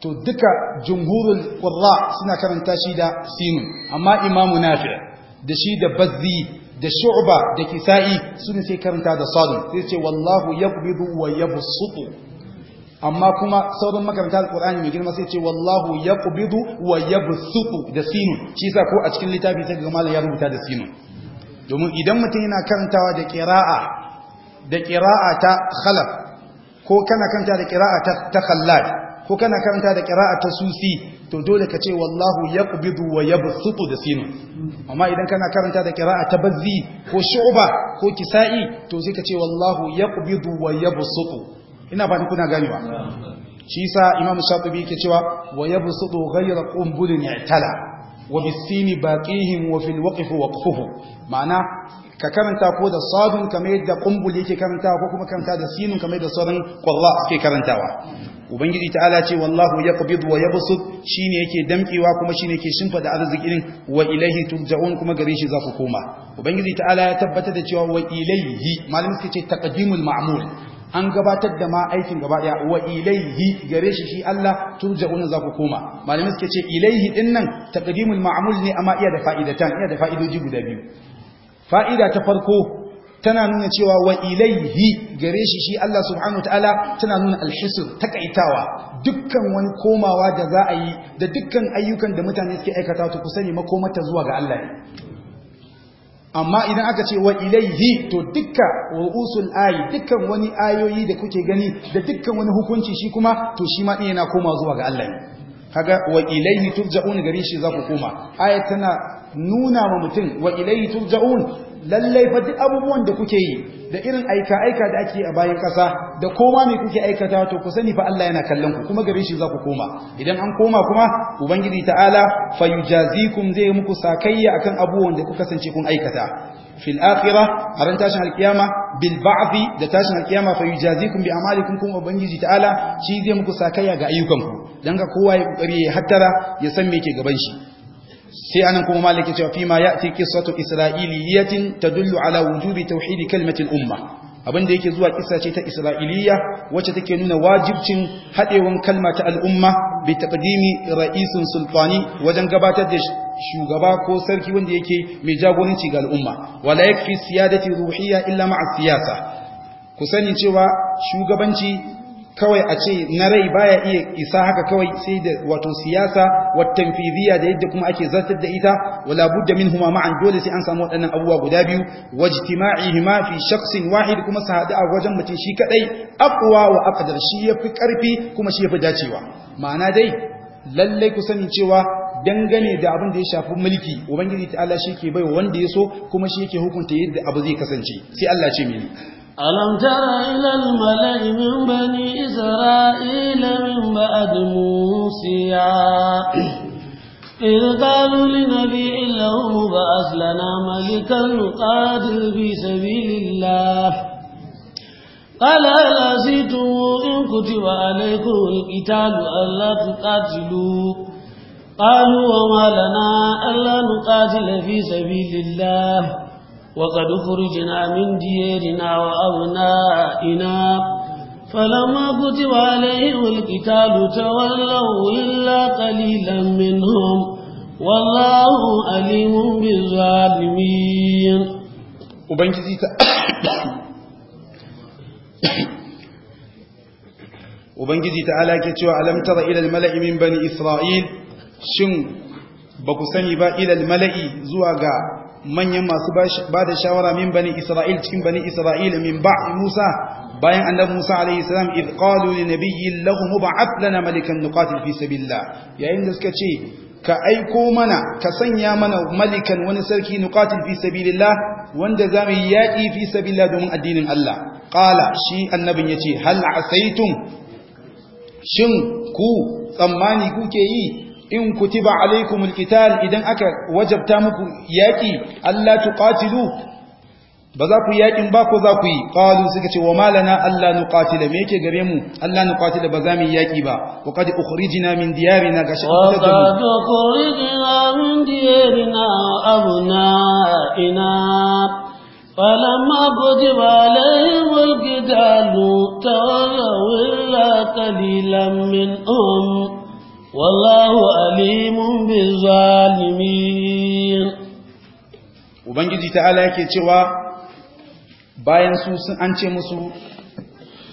to duka jumhurul qurra suna karanta shi da sinun amma imamu nafi' da shi da bazzi da shu'ba da kisa'i su ne sai karanta da sadun sai ce wallahu yaqbidu wa yabsutu amma kuma sauran makaranta alqur'ani mai girma sai ce wallahu yaqbidu wa yabsutu da sinu shi yasa ko a cikin littafi sai ga malam ya rubuta da sinu domin idan mutum yana karantawa da qira'a da qira'a ta khalaf ko kana karanta da qira'a ta khallal ko kana karanta da qira'a ta susi to dole ka ce wallahu yaqbidu wa yabsutu da sinu amma idan kana karanta da qira'a ta bazzi ko shu'ba ko kisa'i to sai ka ce wallahu yaqbidu wa yabsutu ina ba kuna ganewa shi yasa imam shatibi yake cewa wa yabsutu ghayra qumbulin i'tala wa bisini baqihim wa fil waqf waqfuhu ma'ana ka karanta ko da sadun kamar yadda kumbul yake karantawa ko kuma karanta da sinun kamar da sauran qurra ke karantawa ubangiji ta'ala ce wallahu ya yaqbidu wa yabsut shine yake damkewa kuma shi shine yake shimfida arzikin wa ilaihi turja'un kuma gare shi za ku koma ubangiji ta'ala ya tabbatar da cewa wa ilaihi malamin suke ce taqdimul ma'mul an gabatar da ma aikin gaba daya wa ilaihi gare shi shi Allah turja'una za ku koma malamin suke ce ilaihi dinnan taqdimul ma'mul ne amma iya da fa'idatan iya da fa'idoji guda biyu fa'ida ta farko tana nuna cewa wa ilaihi gare shi shi Allah subhanahu ta'ala tana nuna alhisr takaitawa dukkan wani komawa da za a yi da dukkan ayyukan da mutane suke aikata ta kusa ne makomata zuwa ga Allah amma idan aka ce wa ilaihi to dukka ru'usul ayi dukkan wani ayoyi da kuke gani da dukkan wani hukunci shi kuma to shi ma yana koma zuwa ga Allah kaga wa ilaihi turja'un gare shi za ku koma ayat tana nuna ma mutum wa ilayhi turja'un lallai fa duk abubuwan da kuke yi da irin aika aika da ake a bayan kasa da koma mai kuke aikata to ku sani fa Allah yana kallon ku kuma gare shi za ku koma idan an koma kuma ubangiji ta'ala fayujazikum zai muku sakayya akan abubuwan da kuka sance kun aikata fil akhirah aran tashin alkiyama bil ba'thi da tashin alkiyama fayujazikum bi amalikum kuma ubangiji ta'ala shi zai muku sakayya ga ayyukanku dan ga kowa ya kokari ya hattara ya san me ke gaban shi sai anan kuma malik ya ce fi ma ya'ti qissatu isra'iliyatin tadullu ala wujubi tauhidi kalmatil umma abin da yake zuwa kissa ce ta isra'iliya wacce take nuna wajibcin hadewan kalma ta al'umma bi taqdimi ra'isin sultani wajen gabatar da shugaba ko sarki wanda yake mai jagoranci ga al'umma wala yakfi siyadati ruhiyya illa ma'a siyasa ku sani cewa shugabanci kawai a ce na rai baya iya isa haka kawai sai da wato siyasa watanfidiyya da yadda kuma ake zartar da ita wala budda minhuma ma'an dole sai an samu waɗannan abubuwa guda biyu wajtima'ihima fi shakhsin wahid kuma su hadu a wajen mutum shi kadai aqwa wa aqdar shi yafi karfi kuma shi yafi dacewa ma'ana dai lalle ku sani cewa dangane da abin da ya shafi mulki ubangiji ta Allah shi ke bai wanda ya so kuma shi yake hukunta yadda abu zai kasance sai Allah ce mini ألم تر إلى الملأ من بني إسرائيل من بعد موسيا إذ قالوا لنبي له مبعث لنا ملكا نقاتل في سبيل الله قال ألا سيتم إن كتب عليكم القتال ألا تقاتلوا قالوا وما لنا ألا نقاتل في سبيل الله وقد خرجنا من ديارنا وأبنائنا فلما كتب عليهم القتال تولوا إلا قليلا منهم والله أليم بالظالمين Ubangiji ta ala ke cewa alam tara ilal mala'i min bani Isra'il shin ba ku sani ba ilal mala'i zuwa ga manyan masu ba da shawara min bani isra'il cikin bani isra'il min ba'i musa bayan annabi musa alaihi salam id qalu li nabiyyin lahum ba'ath lana malikan nuqatil fi sabilillah yayin da suka ce ka aiko mana ka sanya mana malikan wani sarki nuqatil fi sabilillah wanda zamu yaki fi sabilillah domin addinin Allah qala shi annabin yace hal asaitum shin ku tsammani kuke yi in kutiba alaikum alqital idan aka wajabta muku yaki Allah tuqatilu ba za ku yakin ba ko za ku yi qalu suka ce wa malana Allah nuqatila me yake gare mu Allah nuqatila ba za mu yaki ba wa qad ukhrijna min diyarina ga shakka da mu ukhrijna min diyarina abna ina فلما كتب عليهم القتال تولوا إلا قليلا منهم wallahu alimun bizalimin ubangiji ta'ala yake cewa bayan su sun an ce musu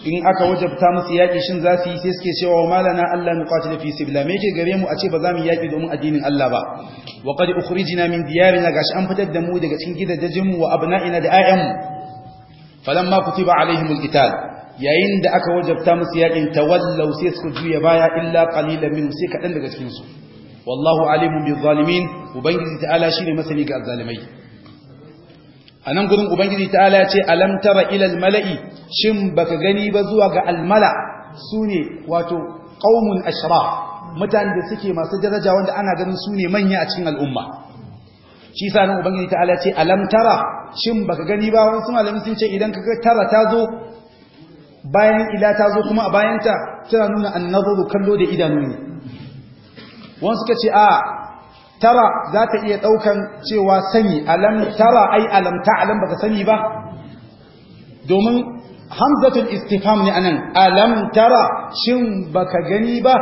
in aka wajabta musu yaƙi shin za su yi sai suke cewa malana Allah nuqatil fi sabilillah me yake gare mu a ce ba za mu yaƙi domin addinin Allah ba wa qad ukhrijna min diyarina gashi an fitar da mu daga cikin gidajen mu wa abna'ina da ayyan mu falamma kutiba alaihimul qital yayin da aka wajabta musu yakin tawallau sai suka juya baya illa qalilan sai kadan daga cikin su wallahu alimun bil zalimin ubangiji ta'ala shine masani ga zalimai anan gurin ubangiji ta'ala ce alam tara ila al mala'i shin baka gani ba zuwa ga al mala sune wato qaumun ashraf mutanen da suke masu daraja wanda ana ganin sune manya a cikin al'umma shi sa nan ubangiji ta'ala ce alam tara shin baka gani ba wasu malamin sun ce idan kaga tara ta zo bayan ila ta zo kuma a bayanta tana nuna annazuru kallo da idanu ne wani suka ce a tara za ta iya ɗaukan cewa sani alam tara ai alamta alam baka sani ba domin hamzatul Istifam ne anan alam tara shin baka gani ba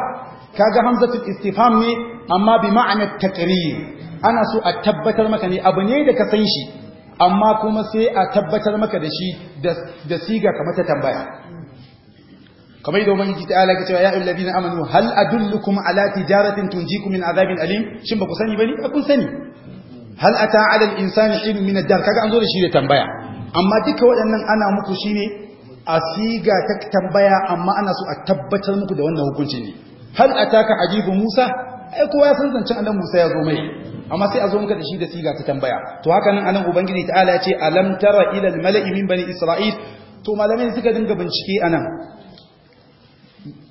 kaga hamzatul Istifam ne amma bi ma'anar taqrir ana so a tabbatar maka ne abu ne da ka san shi amma kuma sai a tabbatar maka da shi da siga kamar ta tambaya kamar yadda ubangiji ta alaka cewa ya ayyuhal ladina amanu hal adullukum ala tijaratin tunjikum min azabin alim shin ba ku sani bane kun sani hal ata ala al insani hin min ad-dar kaga an zo da shi da tambaya amma duka waɗannan ana muku shine asiga ta tambaya amma ana so a tabbatar muku da wannan hukunci ne hal ataka hadithu musa ai kowa ya san zancen annabi musa ya zo mai amma sai a zo muka da shi da siga ta tambaya to haka nan anan ubangiji ala ya ce alam tara ila al mala'i min bani isra'il to malamai suka dinga bincike anan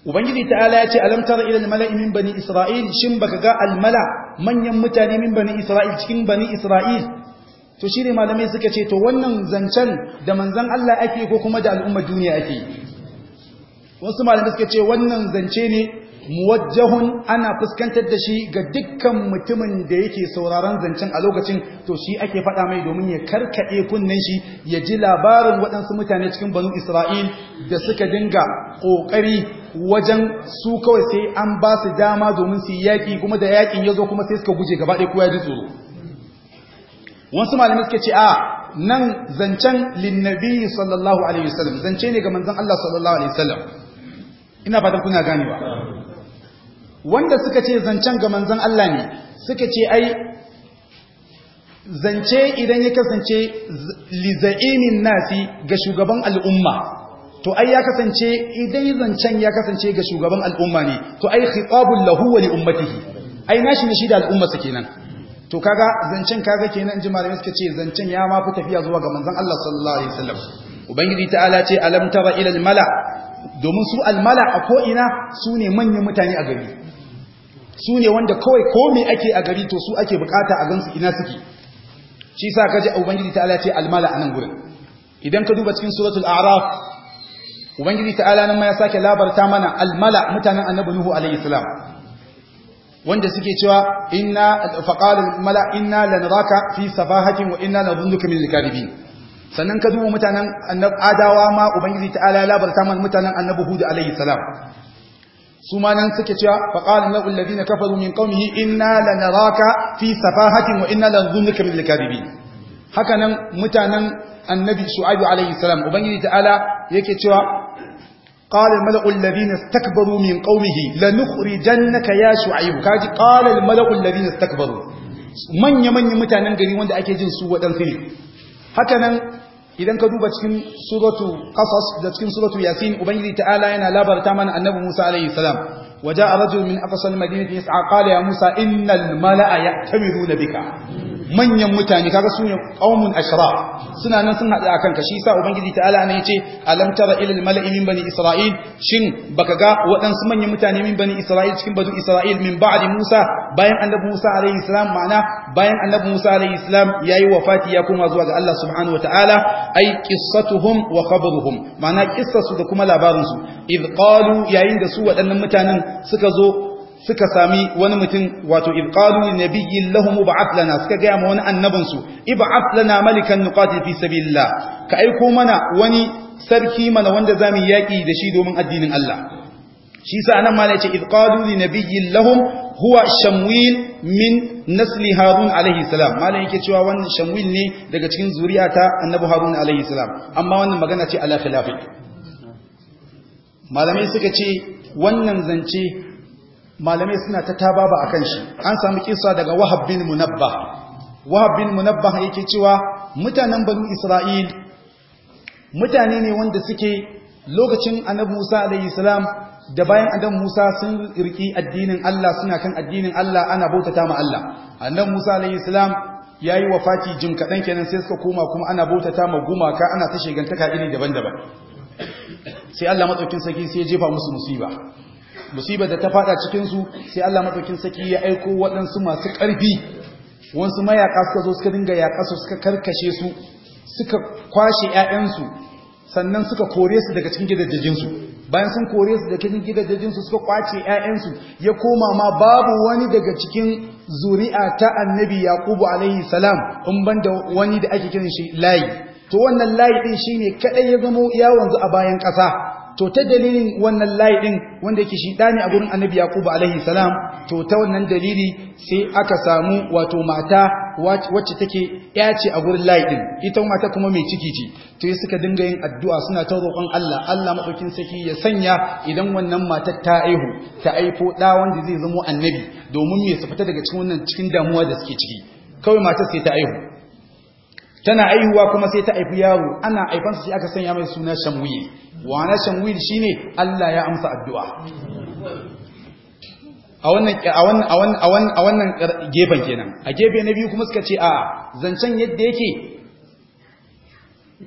ubangiji ta'ala ya ce alamtar tara malai min bani isra'il shin baka ga almala manyan mutane min bani isra'il cikin bani isra'il to shine malamai suka ce to wannan zancen da manzon Allah ake ko kuma da al'umma duniya ake wasu malamai suka ce wannan zance ne muwajjahun ana fuskantar da shi ga dukkan mutumin da yake sauraron zancen a lokacin to shi ake faɗa mai domin ya karkaɗe kunnen shi ya ji labarin waɗansu mutane cikin banu isra'il da suka dinga ƙoƙari wajen su kawai sai an ba su dama domin su yi yaƙi kuma da yaƙin ya zo kuma sai suka guje gaba ɗaya kowa ya ji tsoro wasu malamai suka ce a nan zancen linnabi sallallahu alaihi wasallam zance ne ga manzon Allah sallallahu alaihi wasallam ina fatan kuna ganewa wanda suka ce zancen ga manzon Allah ne suka ce ai zance idan ya kasance li za'imin nasi ga shugaban al'umma to ai ya kasance idan zancen ya kasance ga shugaban al'umma ne to ai khitabul lahu wa li ummatihi ai nashi ne shi da al'ummarsa kenan to kaga zancen kaga kenan ji malamai suka ce zancen ya ma fi tafiya zuwa ga manzon Allah sallallahu alaihi wasallam ubangiji ta'ala ce alam tara ila al mala domin su al mala a ko ina su ne manyan mutane a gari su ne wanda kawai ko me ake a gari to su ake bukata a gansu ina suke shi sa kaje ubangiji ta'ala ce al mala a nan gurin idan ka duba cikin suratul a'raf ubangiji ta'ala nan ma ya sake labarta mana almala mutanen annabi nuhu alayhi salam wanda suke cewa inna faqala almala inna lanaraka fi safahatin wa inna nadhunnuka min alkadibin sannan ka duba mutanen annabi adawa ma ubangiji ta'ala ya labarta mana mutanen annabi hud alayhi salam su ma nan suke cewa faqala lahu alladhina kafaru min qaumihi inna lanaraka fi safahatin wa inna lanadhunnuka min alkadibin haka nan mutanen annabi shu'aibu alayhi salam ubangiji ta'ala yake cewa قال الملأ الذين استكبروا من قومه لنخرجنك يا شعيب kaji قال الملأ الذين استكبروا manya manyan mutanen gari wanda ake jin su wadansu ne haka nan idan ka duba cikin suratu qasas da cikin suratu yasin ubangiji ta'ala yana labarta mana annabi Musa alayhi salam waja'a rajul min aqsal madinati yas'a qala ya Musa innal mala'a ya'tamiruna bika manyan mutane kaga su ne qaumun ashraf suna nan sun haɗu akan ka shi sa ubangiji ta'ala ne yace alam tara ilal mala'i min bani isra'il shin baka ga waɗansu manyan mutane min bani isra'il cikin bazu isra'il min ba'di musa bayan annabi musa alayhi salam ma'ana bayan annabi musa alayhi salam yayi wafati ya koma zuwa ga Allah subhanahu wataala ai qissatuhum wa khabaruhum ma'ana kissasu da kuma labarin su id qalu yayin da su waɗannan mutanen suka zo suka sami wani mutum wato ibqalu nabiyyin lahum ib'ath lana suka ga ma wani annabin su ib'ath lana malikan nuqatil fi sabilillah ka aiko mana wani sarki mana wanda zamu yaki da shi domin addinin Allah shi sa nan mala yace ibqalu li nabiyyin lahum huwa shamwil min nasli harun alaihi salam mala yake cewa wannan shamwil ne daga cikin zuriya ta annabi harun alaihi salam amma wannan magana ce ala khilafi malamai suka ce wannan zance malamai suna ta tababa akan shi an samu kisa daga wahab bin munabba wahab bin munabba yake cewa mutanen banu isra'il mutane ne wanda suke lokacin annabi musa alayhi salam da bayan annabi musa sun riki addinin Allah suna kan addinin Allah ana bautata ma Allah annabi musa alayhi salam yayi wafati jim kadan kenan sai suka koma kuma ana bautata ma gumaka ana ta shegantaka iri daban-daban sai Allah madaukin sarki sai ya jefa musu musiba musibar da ta fada cikinsu sai Allah mafakin saki ya aiko waɗansu masu ƙarfi wansu mayaka suka zo suka dinga yaƙa su suka karkashe su suka kwashe ƴaƴansu sannan suka kore su daga cikin gidajen su bayan sun kore su daga cikin gidajen su suka kwace 'ya'yansu, ya koma ma babu wani daga cikin zuri'a ta annabi yaqubu alaihi salam in banda wani da ake kiran shi layi to wannan layi ɗin shine kaɗai ya zama ya wanzu a bayan ƙasa to ta dalilin wannan layi din wanda yake shi dani a gurin annabi yakubu alaihi salam to ta wannan dalili sai aka samu wato mata wacce take ya ce a gurin layi din ita mata kuma mai ciki ce to yi suka dinga yin addu'a suna ta roƙon Allah Allah madaukin saki ya sanya idan wannan mata ta aihu ta aifo da wanda zai zama annabi domin me su fita daga cikin wannan cikin damuwa da suke ciki kawai matar sai ta aihu tana aihuwa kuma sai ta aifi yaro ana aifansa shi aka sanya mai suna Wa na wana shi shine Allah ya amsa addu'a a wannan gefen kenan a gefe na biyu kuma suka ce a zancen yadda yake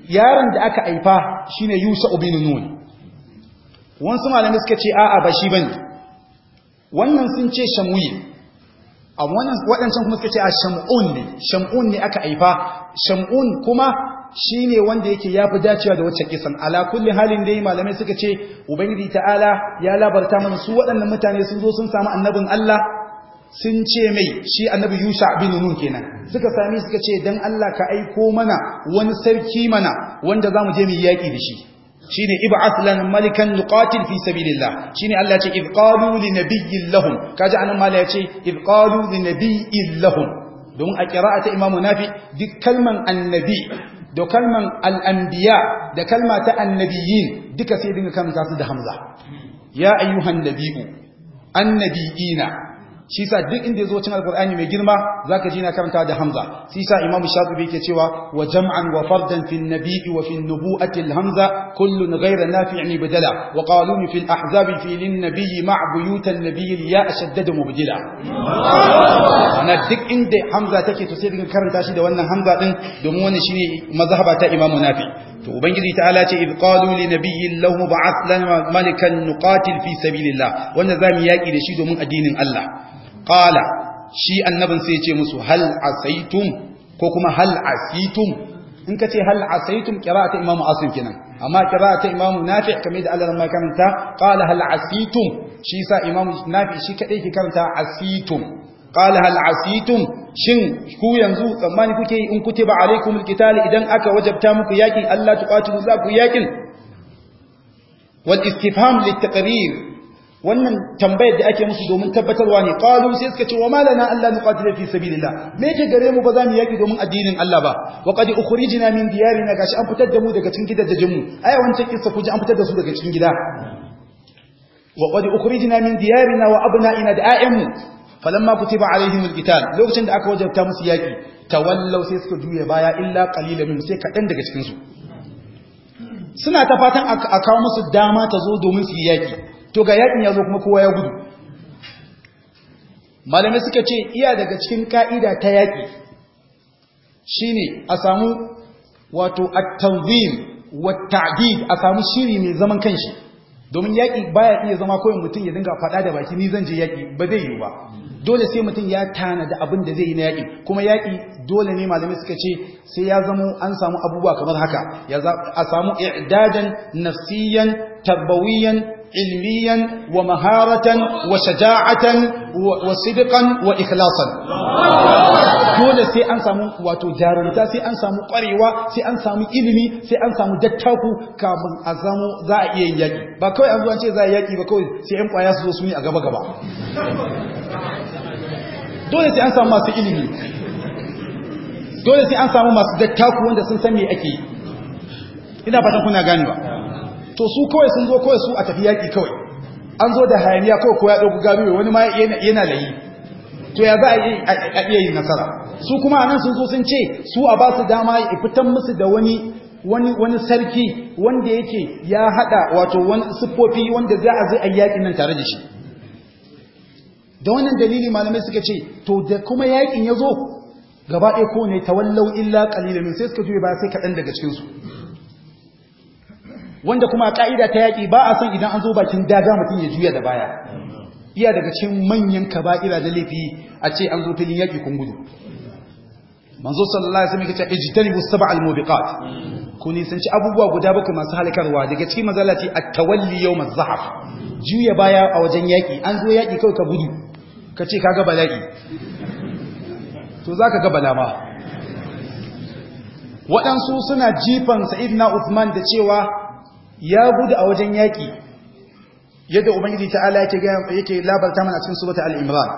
yaron da aka aifa shine Yusha bin Nun wasu malamai suka ce a a ba shi ba ne. wannan sun ce shamwil amma waɗancan kuma suka ce a shamun ne shamun ne aka haifa shamun kuma shi ne wanda yake ya dacewa da wacce kisan ala kulli halin dai malamai suka ce ubangiji ta'ala ya labarta mana su waɗannan mutane sun zo sun samu annabin Allah sun ce mai shi annabi Yusha bin Nun kenan suka sami suka ce dan Allah ka aiko mana wani sarki mana wanda za mu je mu yaki da shi shine ib'ath lana malikan nuqatil fi sabilillah shine Allah ce ibqalu li nabiyyin lahum kaji anan mala yace ibqalu li lahum don a qira'ata imam nafi duk kalman annabi da kalman al-anbiya da kalma ta annabiyin duka sai dinga kan su da hamza ya ayyuhan nabiyyu annabiyina shi sa duk inda yazo cin alqur'ani mai girma ka ji na karanta da hamza shi sa imam shafi'i yake cewa wa jam'an wa fardan fi nabii wa fi nubuati al-hamza kullun ghayra nafi'in bidala wa qalun fi al-ahzab fi lin-nabiyyi ma' buyutan an ya ashaddada mubdila ana duk inda hamza take to sai dinga karanta shi da wannan hamza din domin wannan shine mazhaba ta imam nafi to ubangiji ta'ala ce id qalu li nabiyyin lahu ba'ath malikan nuqatil fi sabilillah wannan zamu yaki da shi domin addinin Allah qala shi annabin sai ce musu hal asaitum ko kuma hal asitum in ka ce hal asaitum qira'atu imamu asim kenan amma qira'atu imamu nafi kamar da Allah mai karanta qala hal asitum shi sa imamu nafi shi kadai ke karanta asitum qala hal asitum shin ku yanzu tsammani kuke yi in kutiba alaikumul qital idan aka wajabta muku yaki Allah tuqatilu za ku yakin wal istifham lit wannan tambayar da ake musu domin tabbatarwa ne qalu sai suka ce wa ma lana alla nuqatila fi sabilillah me yake gare mu ba za mu yaki domin addinin Allah ba wa qad ukhrijna min diyarina gashi an fitar da mu daga cikin gidajen mu ai wancan kissa kuje an fitar da su daga cikin gida wa qad ukhrijna min diyarina wa abna'ina da ayyamu falamma kutiba alaihim alqital lokacin da aka wajabta musu yaki tawallau sai suka juye baya illa qalilan min sai kadan daga cikin su suna ta fatan a kawo musu dama ta zo domin su yi yaki to ga yaƙin ya zo kuma kowa ya gudu malamai suka ce iya daga cikin ka'ida ta yaƙi shine a samu wato a tanzim wa a samu shiri mai zaman kanshi domin yaƙi baya iya zama kawai mutum ya dinga faɗa da baki ni zan je yaƙi ba zai yi ba dole sai mutum ya tana da abin da zai yi na yaƙi kuma yaƙi dole ne malamai suka ce sai ya zama an samu abubuwa kamar haka a samu i'dadan nafsiyan tarbawiyan علميا wa وشجاعة وصدقا وإخلاصا dole sai an samu wato jarumta sai an samu kwarewa sai an samu ilimi sai an samu dattaku kamun a samu za a iya yaki ba kawai an zuwa ce za a ba kawai sai yan kwaya su zo su yi a gaba gaba dole sai an samu masu ilimi dole sai an samu masu dattaku wanda sun san me ake yi ina fatan kuna gane ba to su kawai sun zo kawai su a tafi yaƙi kawai an zo da hayaniya kawai ko ya ɗauki gabi wani ma yana layi to ya za a iya yin nasara su kuma nan sun so sun ce su a ba su dama ya fitan musu da wani sarki wanda yake ya hada wato wani siffofi wanda za a zai yaƙin nan tare da shi da wannan dalili malamai suka ce to da kuma yaƙin ya zo gaba ɗaya ko ne tawallau illa ƙalilin sai suka juye ba sai kaɗan daga cikinsu. wanda kuma ka'ida ta yaki ba a son idan an zo bakin daga mutum ya juya da baya iya daga cikin manyan kaba'ira da laifi a ce an zo filin yaƙi kun gudu manzo sallallahu alaihi wasallam yake ijtanibu sab'a al-mubiqat ku nisanci abubuwa guda bakwai masu halakarwa daga cikin mazalati at-tawalli yawm az-zahf juya baya a wajen yaki an zo yaki kawai ka gudu ka ce kaga bala'i to zaka ga balama waɗansu suna jifan sa'idna Uthman da cewa ya gudu a wajen yaƙi yadda ubangiji ta'ala yake ga yake labarta mana cikin subata al-imran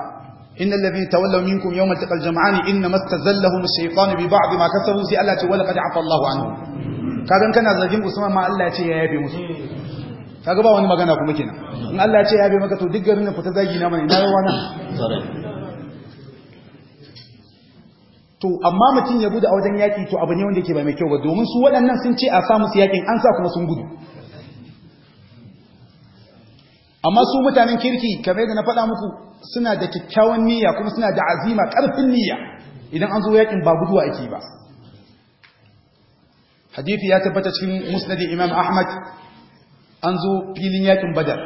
innal ladhina tawallaw minkum yawma taqal jam'an inna mastazallahum ash-shaytanu bi ba'd ma kasabu sai Allah ce wala qad afa Allahu anhu kagan kana zargin Usman ma Allah ya ce ya yabe musu kaga ba wani magana kuma kenan in Allah ya ce ya yabe maka to duk garin nan fita zagi na mana ina yawa na to amma mutum ya gudu a wajen yaki to abu ne wanda yake ba mai kyau ba domin su waɗannan sun ce a sa musu yakin an sa kuma sun gudu amma su mutanen kirki kamar yadda na faɗa muku suna da kyakkyawan niyya kuma suna da azima ƙarfin niyya idan an zo yakin ba guduwa ake ba hadithi ya tabbata cikin musnadin imam ahmad an zo filin yakin badar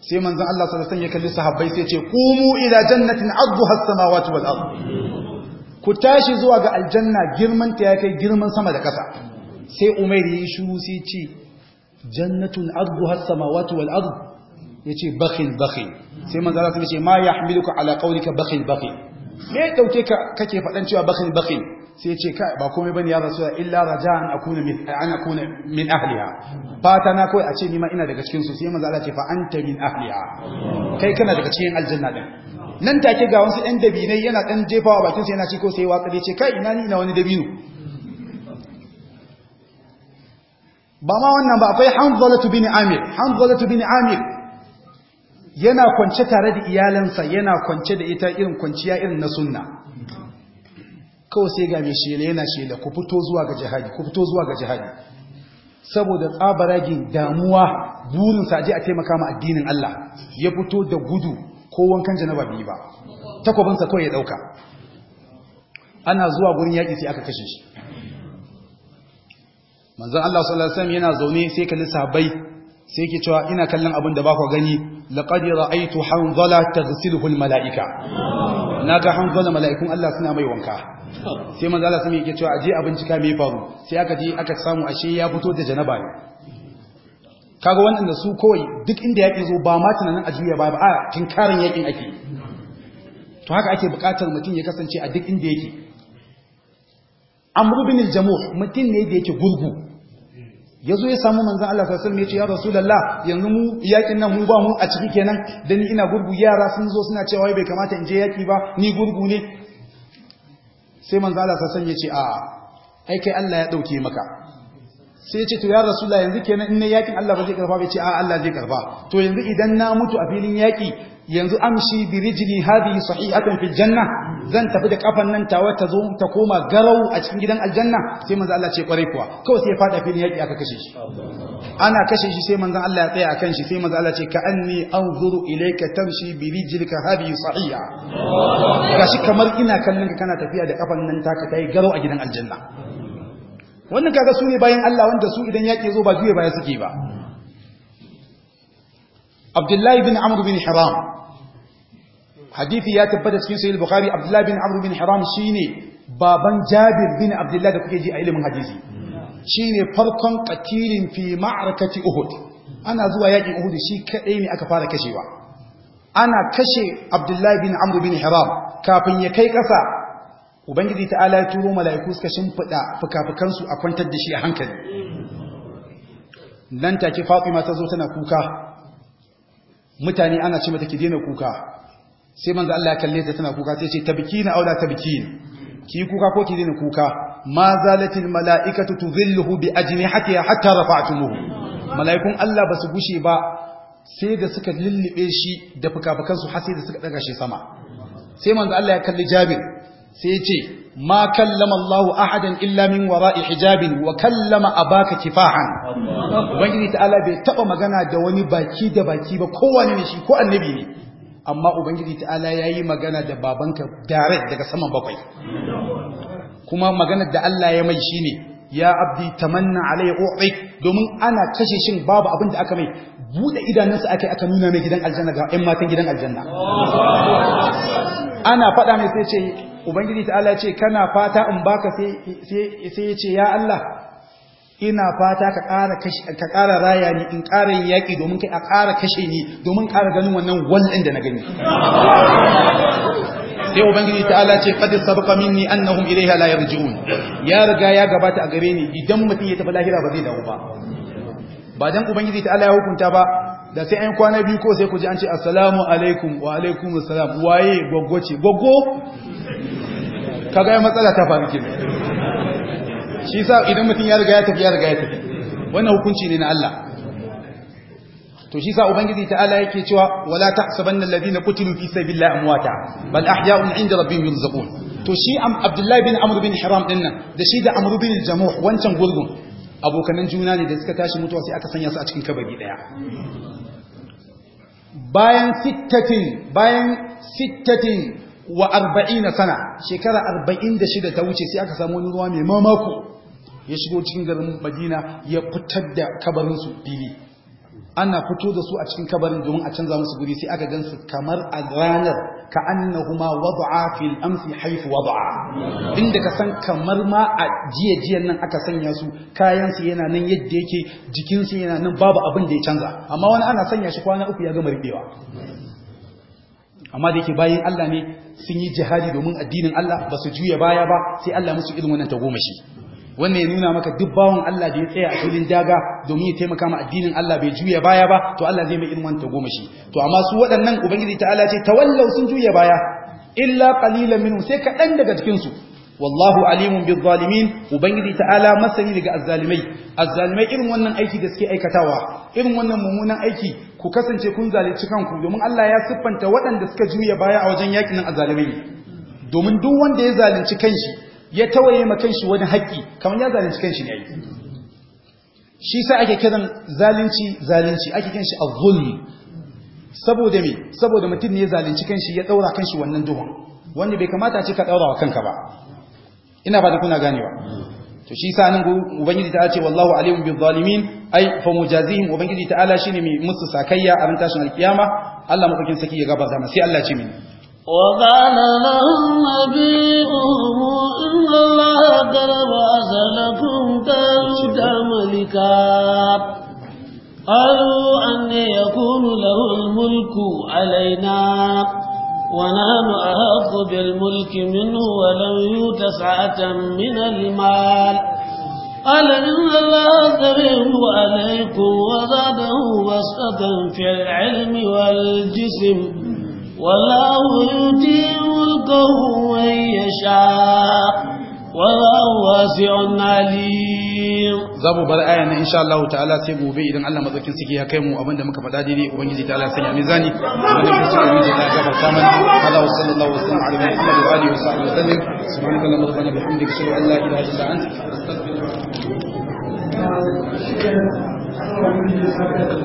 sai manzon Allah sallallahu alaihi ya kalli sahabbai sai ce qumu ila jannatin adduha as-samawati wal ard ku tashi zuwa ga aljanna girman ta ya kai girman sama da ƙasa sai ya yi shiru sai ce jannatun arduha as-samawati wal ard yace bakil bakil sai manzo Allah ya ce ma ya ka ala ka bakil bakil me ya ɗauke ka kake fadan cewa bakil bakil sai ce ka ba komai bane ya rasu illa raja min an akuna min ba ta na kawai a ce ni ma ina daga cikin sai manzo ce fa anta min ahliya kai kana daga cikin aljanna din nan take ga wasu ɗan dabinai yana ɗan jefawa bakin sa yana ci ko sai watsa dai ce kai ina ni ina wani dabino ba ma wannan ba akwai hanzalatu bin amir hanzalatu bin amir yana kwance tare da iyalansa yana kwance da ita irin kwanciya irin na sunna kawai sai ga mai shela yana shela ku fito zuwa ga jihadi ku fito zuwa ga jihadi saboda tsabaragin damuwa burinsa je a taimaka ma addinin Allah ya fito da gudu ko wankan janaba biyu ba takwabinsa kawai ya dauka ana zuwa gurin yaƙi sai aka kashe shi manzon Allah sallallahu alaihi wasallam yana zaune sai kalli sahabbai sai ke cewa ina kallon abin da ba ku gani laqad ra'aytu hanzala taghsiluhu almalaiika naga hanzala malaikun Allah suna mai wanka sai manzo Allah sai yake cewa aje abin cika mai faru sai aka je aka samu ashe ya fito da janaba ne kaga wannan da su kawai duk inda yake zo ba ma tunanin ajiya ba ba a tinkarin yakin ake to haka ake bukatar mutum ya kasance a duk inda yake amru bin al-jamuh mutum ne da yake gurgu ya zo ya samu manzan Allah Sassan alaihi ya ce ya rasulullah yanzu mu yakin nan mu ba mu a ciki kenan da ni ina gurgu yara sun zo suna cewa bai kamata in je yaki ba ni gurgu ne sai manzan Allah Sassan ya ce a aikai Allah ya dauke maka sai ya ce to ya rasulullah yanzu kenan in ne yakin Allah ba zai karba ba ce a Allah zai karba to yanzu idan na mutu a filin yaki yanzu amshi bi rijli hadhihi sahihatan fil janna zan tafi da kafan nan tawa ta zo ta koma garau a cikin gidan aljanna sai manzo Allah ce kwarai kuwa kawai sai ya fada filin yaki aka kashe shi ana kashe shi sai manzo Allah ya tsaya akan shi sai manzo Allah ce ka anni anzuru ilayka tamshi bi rijlika hadhihi sahiha gashi kamar ina kallon ka kana tafiya da kafan nan ka kai garau a gidan aljanna wannan kaga su ne bayan Allah wanda su idan yaƙi zo ba juye baya suke ba Abdullahi bin Amr bin Hiram hadisi ya tabbata cikin sahih Bukhari Abdullahi bin Amr bin Hiram shine baban Jabir bin Abdullahi da kuke ji a ilimin hadisi shine farkon qatilin fi ma'rakati Uhud ana zuwa yaƙin Uhud shi kadai ne aka fara kashewa ana kashe Abdullahi bin Amr bin Hiram kafin ya kai ƙasa ubangiji ta'ala ya turo mala'iku suka shimfiɗa fukafukansu a kwantar da shi a hankali nan take fatima ta zo tana kuka mutane ana ce mata ki daina kuka sai manzo Allah ya kalle ta tana kuka sai ce tabkina aula tabkin ki kuka ko ki daina kuka ma zalatil mala'ikatu tudhilluhu bi ajnihatiha a rafa'tumuhu mala'ikun Allah ba su gushe ba sai da suka lullube shi da fukafukansu har sai da suka daga shi sama sai manzo Allah ya kalli Jabir sai ya ce ma kallama Allahu ahadan illa min wara'i hijabin wa kallama abaka kifahan ubangiji ta'ala bai taba magana da wani baki da baki ba kowane ne shi ko annabi ne amma ubangiji ta'ala yayi magana da babanka direct daga saman bakwai kuma maganar da Allah ya mai shine ya abdi tamanna alai u'ik domin ana kashe shin babu abin da aka mai bude idanunsa akai aka nuna mai gidan aljanna ga ƴan matan gidan aljanna ana faɗa mai sai ce ubangiji ta'ala ce kana fata in baka sai ya ce ya Allah ina fata ka ƙara ka ƙara raya ni in ƙara yaki domin kai a ƙara kashe ni domin ƙara ganin wannan wallin da na gani sai ubangiji ta'ala ce qad sabqa minni annahum ilayha la yarji'un ya riga ya gabata a gare ni idan mutum ya tafi lahira ba zai dawo ba ba dan ubangiji ta'ala ya hukunta ba da sai an kwana biyu ko sai ku ji an ce assalamu alaikum wa alaikum assalam waye goggo ce goggo Ka gaya matsala ta faru kin shi sa idan mutum ya riga ya tafi ya riga ya tafi wannan hukunci ne na Allah to shi sa ubangiji ta'ala yake cewa wala tahsabanna alladhina qutilu fi sabilillahi amwata bal ahya'un 'inda rabbihim yurzaqun to shi am abdullahi bin amr bin hiram nan, da shi da amr bin jamuh wancan gurgun abokanan juna ne da suka tashi mutuwa sai aka sanya su a cikin kabari daya bayan sittatin bayan sittatin wa arba'ina sana shekara arba'in da shida ta wuce sai aka samu wani ruwa mai mamako ya shigo cikin garin madina ya fitar da kabarinsu fili ana fito da su a cikin kabarin domin a canza musu guri sai aka gansu kamar a ranar ka'annahuma wada'a fil amsi haythu wada'a inda ka san kamar ma a jiya jiyan nan aka sanya su kayan su yana nan yadda yake jikin su yana nan babu abin da ya canza amma wani ana sanya shi kwana uku ya gama riɓewa. amma da yake bayan Allah ne sun yi jihadi domin addinin Allah ba su juya baya ba sai Allah musu irin wannan shi. wannan ya nuna maka duk bawon Allah da ya tsaya a filin daga domin ya taimaka ma addinin Allah bai juya baya ba to Allah zai mai ilman ta goma shi to amma su waɗannan ubangiji ta'ala ce tawallau sun juya baya illa qalilan minhum sai kaɗan daga cikin su wallahu alimun bil zalimin ubangiji ta'ala masani daga azzalimai azzalimai irin wannan aiki da suke aikatawa irin wannan mummunan aiki ku kasance kun zalunci kanku domin Allah ya siffanta waɗanda suka juya baya a wajen yakin azzalimai domin duk wanda ya zalunci kanshi ya tawaye ma kanshi wani haƙƙi kamar ya zalunci kanshi ne ai shi sai ake kiran zalunci zalunci ake kiran shi az-zulm saboda me saboda mutum ne ya zalunci kanshi ya ɗaura kanshi wannan duhun wanda bai kamata a ce ka ɗaura wa kanka ba ina ba da kuna ganewa to shi sa nan ubangiji ta ce wallahu alimun bil zalimin ai fa mujazihim ubangiji ta'ala shine mai musu sakayya a ran tashin alkiyama Allah madaukin saki ya gabata gabarta sai Allah ce mini wa qala lahum nabiyuhum إن الله قد بعث لكم ملكا قالوا أن يكون له الملك علينا ونحن أحق بالملك منه ولم يوت سعة من المال قال إن الله كريم عليكم وزاده بسطة في العلم والجسم والله sha, ملكه من يشاء والله واسع عليم zamu bar aya nan insha Allah ta'ala sai gobe idan Allah madaukin saki ya kai mu abinda muka faɗa daidai ubangiji ta Allah sanya mizani wanda ke cikin ubangiji ta gabar saman Allah wa sallallahu wa sallam ala Muhammad wa alihi wa sahbihi sallam subhanaka allahumma wa bihamdika ashhadu an la ilaha illa anta astaghfiruka wa atubu ilayk